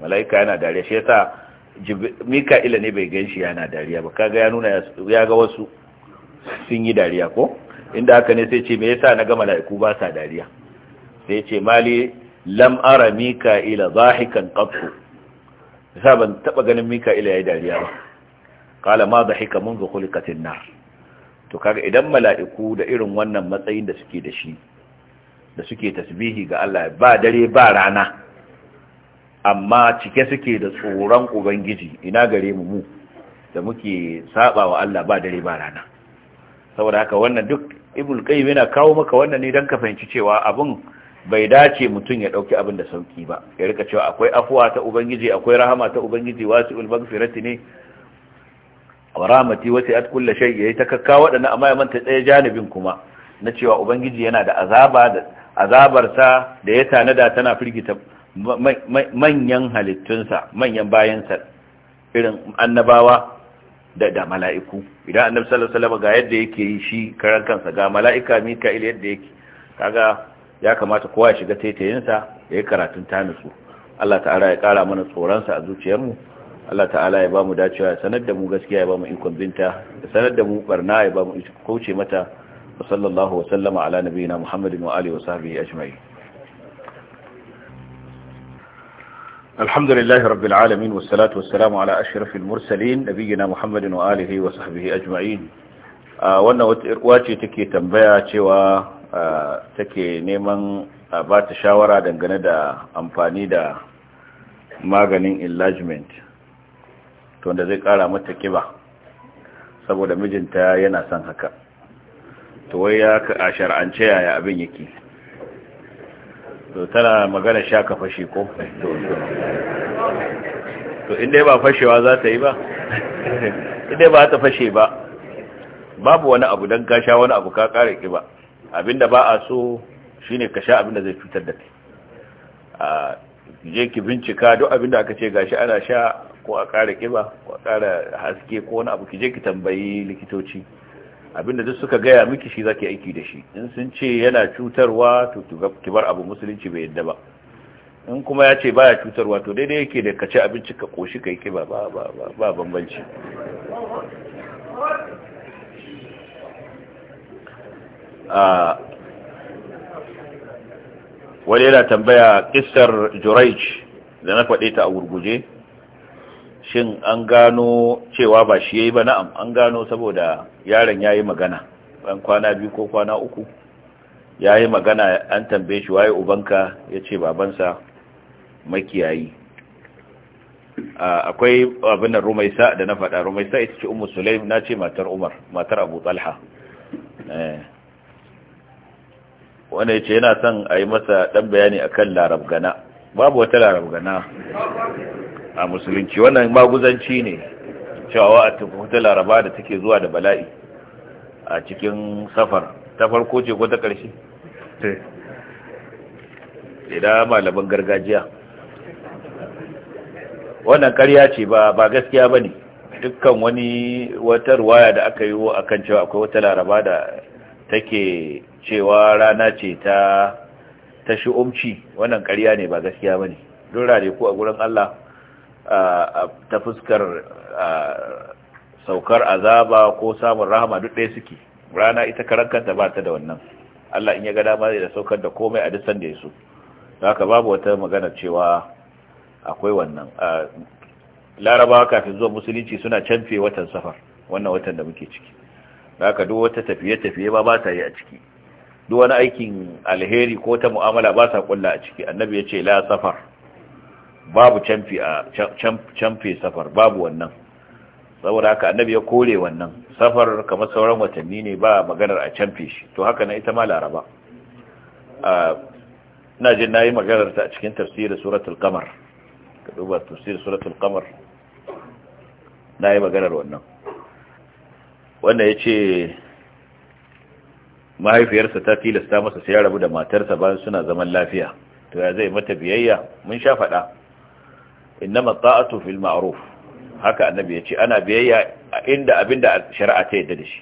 mala'ika yana dariya shi yasa mika'ila ne bai ganshi yana dariya ba kaga ya nuna ya ga wasu sun yi dariya ko inda haka ne sai ce me yasa na ga mala'iku ba sa dariya sai ce mali lam ara mika'ila zahikan qatu yasa ban taba ganin mika'ila yayi dariya ba kala ma zahika منذ khuliqat an-nar to kaga idan mala'iku da irin wannan matsayin da suke da shi da suke tasbihi ga Allah ba dare ba rana amma cike suke da tsoron ubangiji ina gare mu mu da muke saba wa Allah ba dare ba rana saboda haka wannan duk ibul qayyim yana kawo maka wannan ne dan ka fahimci cewa abun bai dace mutun ya dauki abin da sauki ba ya rika cewa akwai afwa ta ubangiji akwai rahama ta ubangiji wasi'ul maghfirati ne wa rahmati wasi'at kulli shay yayi ta kakka wadana amma ya manta tsaye janibin kuma na cewa ubangiji yana da azaba da azabarsa da ya da tana firgita manyan halittunsa manyan bayansa irin annabawa da da mala'iku idan annabi sallallahu alaihi wasallam ga yadda yake yi shi karan kansa ga mala'ika mika'il yadda yake kaga ya kamata kowa ya shiga taitayinsa ya yi karatun tanisu Allah ta'ala ya kara mana tsoron sa a zuciyarmu Allah ta'ala ya bamu dacewa ya sanar da mu gaskiya ya bamu ikon binta ya sanar da mu barna ya bamu kauce mata sallallahu wa sallama ala nabiyina Muhammadin wa alihi wa sahbihi ajma'in الحمد لله رب العالمين والصلاة والسلام على أشرف المرسلين نبينا محمد وآله وصحبه أجمعين wannan wace take tambaya cewa take neman ba ta shawara dangane da amfani da maganin enlargement to wanda zai kara mata kiba saboda mijinta yana san haka to wai ya ka a shar'ance yaya abin yake to tana magana sha ka fashe ko to inda ba fashewa za ta yi ba inda ba ta fashe ba babu wani abu don ka sha wani abu ka kare ki ba abinda ba a so shine ka sha abinda zai fitar da kai je ki bincika duk abinda aka ce gashi ana sha ko a kare kiba ko a kare haske ko wani abu ki je ki tambayi likitoci abinda duk suka gaya miki shi zaki aiki da shi in sun ce yana cutarwa to ki bar abu musulunci bai yadda ba in kuma ya ce baya cutarwa to daidai yake da kaci abinci ka koshi kai kiba ba ba ba bambanci wani yana tambaya kistar juraic da na faɗe ta a gurguje shin an gano cewa ba shi yayi ba na'am an gano saboda yaron yayi magana ban kwana biyu ko kwana uku yayi magana an tambaye shi waye ubanka yace babansa makiyayi akwai abin nan rumaisa da na faɗa rumaisa ita ce ummu sulaim na ce matar umar matar abu talha eh. wanda ya ce yana son a yi masa ɗan bayani akan larabgana babu wata larabgana a musulunci wannan maguzanci ne cewa a tafi laraba da take zuwa da bala'i a cikin safar ta farko ce ko ta ƙarshe idan malaman gargajiya wannan ƙarya ce ba gaskiya ba ne dukkan wani wata ruwaya da aka yi a kan cewa akwai wata laraba da take cewa rana ce ta ta umci wannan karya ne ba gaskiya ba ne don rane ku a gurin Allah ta fuskar saukar azaba ko samun rahama duk ɗaya suke rana ita karankanta ba ta da wannan Allah in ya ga dama da saukar da komai a duk sanda ya so haka babu wata magana cewa akwai wannan Laraba kafin zuwa musulunci suna canfe watan safar wannan watan da muke ciki haka duk wata tafiye-tafiye ba ba ta yi a ciki duk wani aikin alheri ko ta mu'amala ba sa kulla a ciki annabi ya ce la safar babu canfi a canfi safar babu wannan saboda haka annabi ya kore wannan safar kamar sauran watanni ne ba maganar a canfi shi to haka na ita ma laraba ina jin nayi maganar ta a cikin tafsirin suratul qamar ka duba tafsirin suratul qamar nayi maganar wannan wanda yace mahaifiyarsa ta tilasta masa sai ya rabu da matarsa bayan suna zaman lafiya to ya zai mata biyayya mun sha faɗa innama ta'atu fil ma'ruf haka annabi yace ana biyayya inda abinda shari'a ta yadda da shi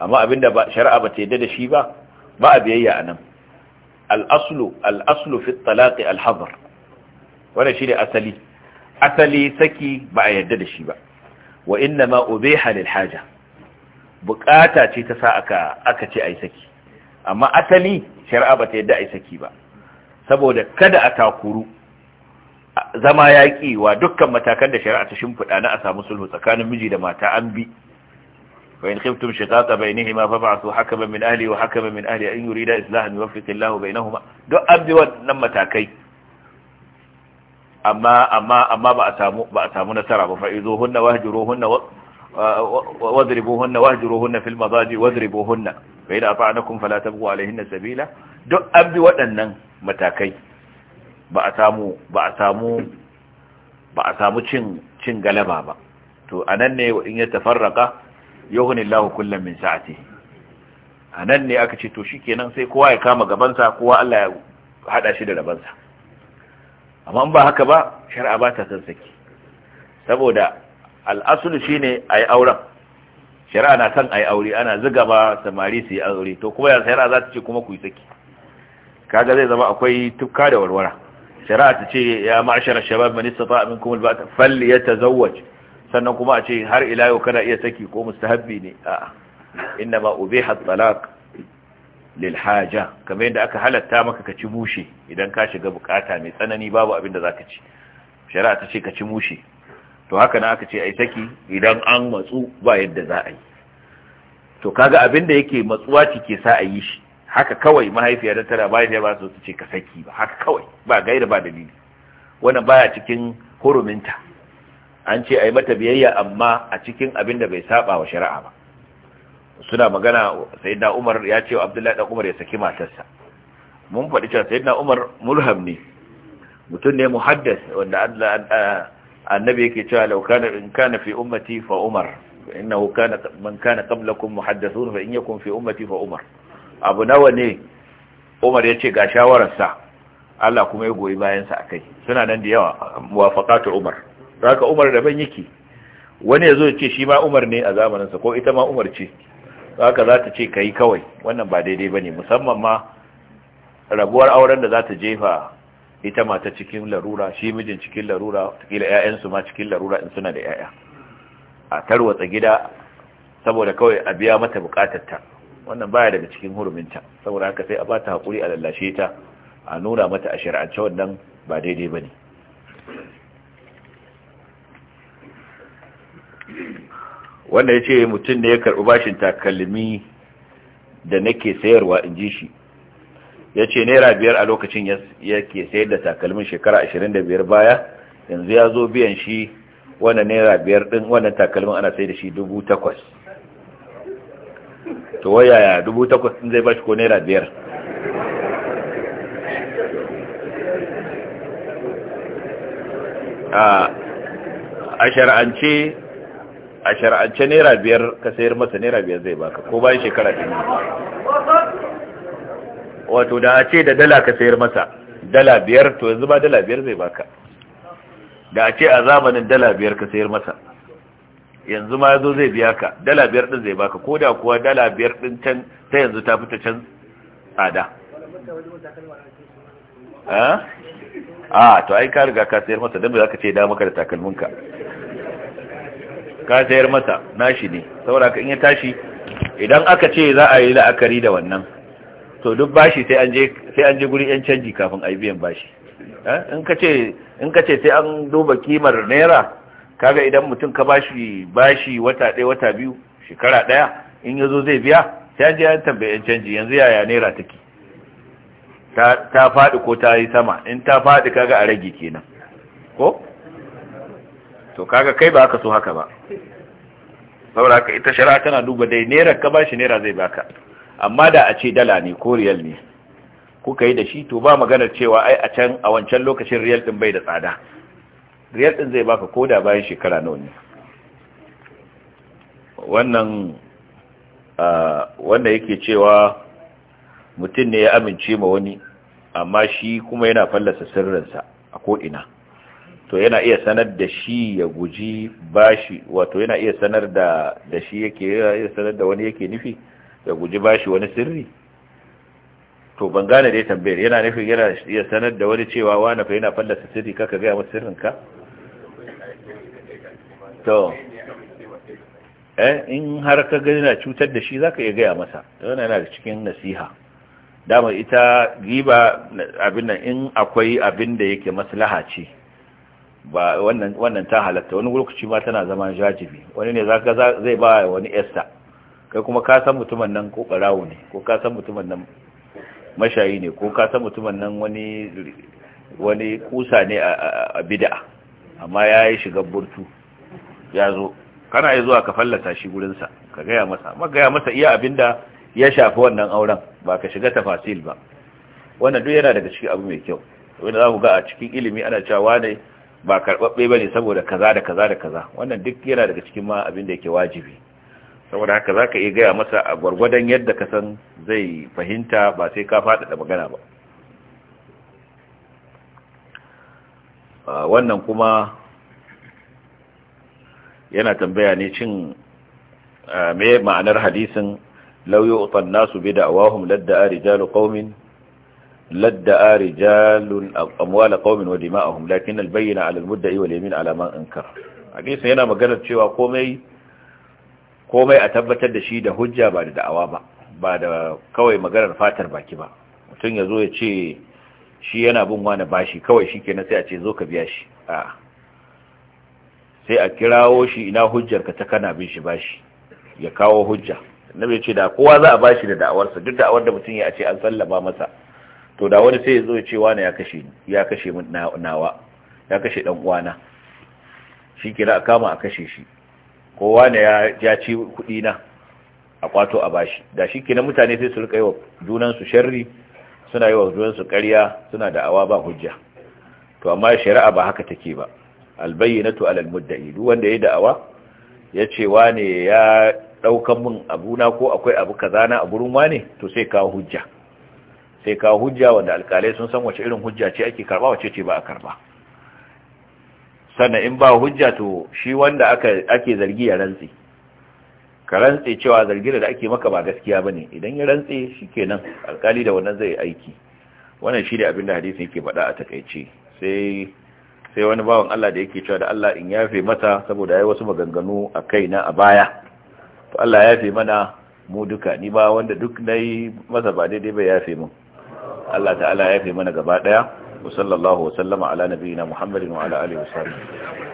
amma abinda ba shari'a ba ta yadda da shi ba ba a biyayya anan al-aslu al-aslu fi talaqi al-hadr wannan shine asali asali saki ba a yadda da shi ba wa innama ubiha lil haja bukata ce ta sa aka aka ce ai saki amma asali shari'a ba ta yadda ai saki ba saboda kada a takuru zama yaƙi wa dukkan matakan da shari'a ta shimfiɗa na a samu sulhu tsakanin miji da mata an bi fa in khiftum shiqaqa bainihima fa ba'thu hakaman min ahli wa hakaman min ahli an yurida islahan yuwaffiq Allahu bainahuma duk an bi wannan matakai amma amma amma ba a samu ba a samu nasara ba fa izuhunna wahjuruhunna wadribuhunna wahjuruhunna fil madaji wadribuhunna fa idza ata'nakum fala tabghu alayhinna sabila duk an bi waɗannan matakai ba a samu ba a samu ba a samu cin cin galaba ba to anan ne in ya tafarraka yuhnillahu kullam min sa'ati anan ne aka ce to shikenan sai kowa ya kama gabansa kowa Allah ya hada shi da sa amma ba haka ba shar'a ba ta san saki saboda al'asulu shine ayi auren shari'a na san ayi aure ana ziga ba samari su yi aure to kuma ya shari'a za ta ce kuma ku yi saki kaga zai zama akwai tukka da warwara shari'a ta ce ya ma'ashara shabab man istata minkum albata falyatazawwaj sannan kuma a ce har ila yau kana iya saki ko mustahabbi ne a inna ma ubiha talaq lil haja kamar yadda aka halatta maka ka ci mushe idan ka shiga bukata mai tsanani babu abin da zaka ci shari'a ta ce ka ci mushe to haka na aka ce ai saki idan an matsu ba yadda za a yi to kaga abin da yake matsuwa ci ke sa a yi shi haka kawai mahaifiya da tara mahaifiya ba su ce ka saki ba haka kawai ba gaira ba dalili wannan baya cikin huruminta an ce yi mata biyayya amma a cikin abin da bai saba wa shari'a ba suna magana sayyidina Umar ya ce Abdullahi dan Umar ya saki matarsa mun faɗi cewa sayyidina Umar mulham ne mutum ne muhaddas wanda annabi yake cewa law kana in kana fi ummati fa Umar innahu kana man kana qablakum muhaddathun fa in yakun fi ummati fa Umar abu nawa ne umar ya ce ga shawararsa Allah kuma ya goyi bayansa a kai suna nan da yawa muwafaqatu umar haka umar da ban yake wani yazo ya ce shi ma umar ne a zamaninsa ko ita ma umar ce ka za ta ce kai kawai wannan ba daidai bane musamman ma rabuwar auren da za ta jefa ita ma ta cikin larura shi mijin cikin larura kila ƴaƴansu ma cikin larura in suna da ƴaƴa a tarwatsa gida saboda kawai a biya mata bukatar wannan baya daga cikin huruminta saboda haka sai a bata hakuri a lallashe ta a nuna mata a shari'ance wannan ba daidai ba ne. wanda ya ce mutum ne ya karɓi bashin takalmi da nake sayarwa in ji shi ya ce naira biyar a lokacin yake sayar da takalmin shekara ashirin da baya yanzu ya zo biyan shi wannan naira biyar ɗin wannan takalmin ana sayar da shi dubu takwas to yaya dubu takwas sun zai bashi ko naira biyar a shar'ance a shar'ance naira biyar ka sayar masa naira biyar zai baka ko bayan shekara ɗin wato da a ce da dala ka sayar masa dala biyar to yanzu ba dala biyar zai baka da a ce a zamanin dala biyar ka sayar masa yanzu ma yazo zai biya ka dala biyar din zai baka ko da kuwa dala biyar din can ta yanzu ta fita can tsada a to ai ka riga ka sayar masa dan ba za ka ce da maka da takalminka ka sayar masa nashi ne saboda ka in ya tashi idan aka ce za a yi la'akari da wannan to duk bashi sai an je sai an je guri yan canji kafin a yi biyan bashi in ka ce in ka ce sai an duba kimar naira kaga idan mutum ka bashi bashi wata ɗaya wata biyu shekara ɗaya in ya zo zai biya sai ji an tambayin canji yanzu yaya naira take ta faɗi ko ta yi sama in ta faɗi kaga a rage kenan ko to kaga kai ba ka so haka ba saboda haka ita shari'a tana duba dai naira ka bashi naira zai baka amma da a ce dala ne ko riyal ne kuka yi da shi to ba maganar cewa ai a can a wancan lokacin riyal din bai da tsada riyar din zai baka koda bayan shekara nawa ne wannan wanda yake cewa mutum ne ya amince ma wani amma shi kuma yana fallasa sirrinsa a ko'ina to yana iya sanar da shi ya guji bashi wato yana iya sanar da da shi yake iya sanar da wani yake nufi ya guji bashi wani sirri to ban gane dai tambayar yana nufin yana iya sanar da wani cewa wani fa yana fallasa sirri kaka gaya masa sirrinka to eh in har ka gani na cutar da shi zaka iya gaya masa wannan yana da cikin nasiha dama ita giba abin nan in akwai abin da yake maslaha ce ba wannan wannan ta halatta wani lokaci ma tana zama jajibi wani ne zaka zai ba wani esta kai kuma ka san mutumin nan ko barawo ne ko ka san mutumin nan mashayi ne ko ka san mutumin nan wani wani kusa ne a bid'a amma ya shiga burtu ya zo kana yi zuwa ka fallata shi gurinsa ka gaya masa Magaya masa iya abinda ya shafi wannan auren ba ka shiga tafasil ba wannan duk yana daga cikin abu mai kyau wanda za ku ga a cikin ilimi ana cewa wane ba karɓaɓɓe ba ne saboda kaza da kaza da kaza wannan duk yana daga cikin ma abin da yake wajibi saboda haka za ka iya gaya masa a gwargwadon yadda ka san zai fahimta ba sai ka faɗaɗa magana ba wannan kuma yana tambaya ne cin me ma'anar hadisin lauyo utan nasu bi da'awahum ladda'a rijalu qaumin ladda'a rijalun amwala qaumin wa dima'ahum lakin albayna 'ala almudda'i wal yamin 'ala man ankar hadisin yana maganar cewa komai komai a tabbatar da shi da hujja ba da da'awa ba ba da kawai maganar fatar baki ba mutum yazo ya ce shi yana bin wani bashi kawai shi kenan sai a ce zo ka biya shi a'a sai a kirawo shi ina hujjarka ta kana bin shi bashi ya kawo hujja annabi ya ce da kowa za a bashi da da'awarsa duk da'awar da mutum ya ce an sallama masa to da wani sai ya zo ya ce wani ya kashe ya nawa ya kashe dan uwana shi kira a kama a kashe shi kowa ne ya ci kuɗi na a kwato a bashi da shi kenan mutane sai su rika yi wa junansu sharri suna yi wa junansu ƙarya suna da'awa ba hujja to amma shari'a ba haka take ba albayyinatu alal mudda'i duk wanda ya da'awa ya ce wane ya daukan mun abuna ko akwai abu kaza na a gurin wane to sai kawo hujja sai kawo hujja wanda alkalai sun san wace irin hujja ce ake karba wace ce ba a karba sannan in ba hujja to shi wanda aka ake zargi ya rantsi ka rantsi cewa zargi da ake maka ba gaskiya bane idan ya rantse shikenan alkali da wannan zai aiki wannan shi ne abin da hadisi yake faɗa a takaice sai sai wani bawan Allah da yake cewa da Allah in yafe mata saboda yayi wasu maganganu a kai na a baya to Allah ya yafe mana mu duka ni ba wanda duk nayi masa ba daidai bai yafe mu Allah ta'ala ya yafe mana gaba ɗaya. wa sallallahu wa sallama ala nabiyyina Muhammadin wa ala alihi wa sahbihi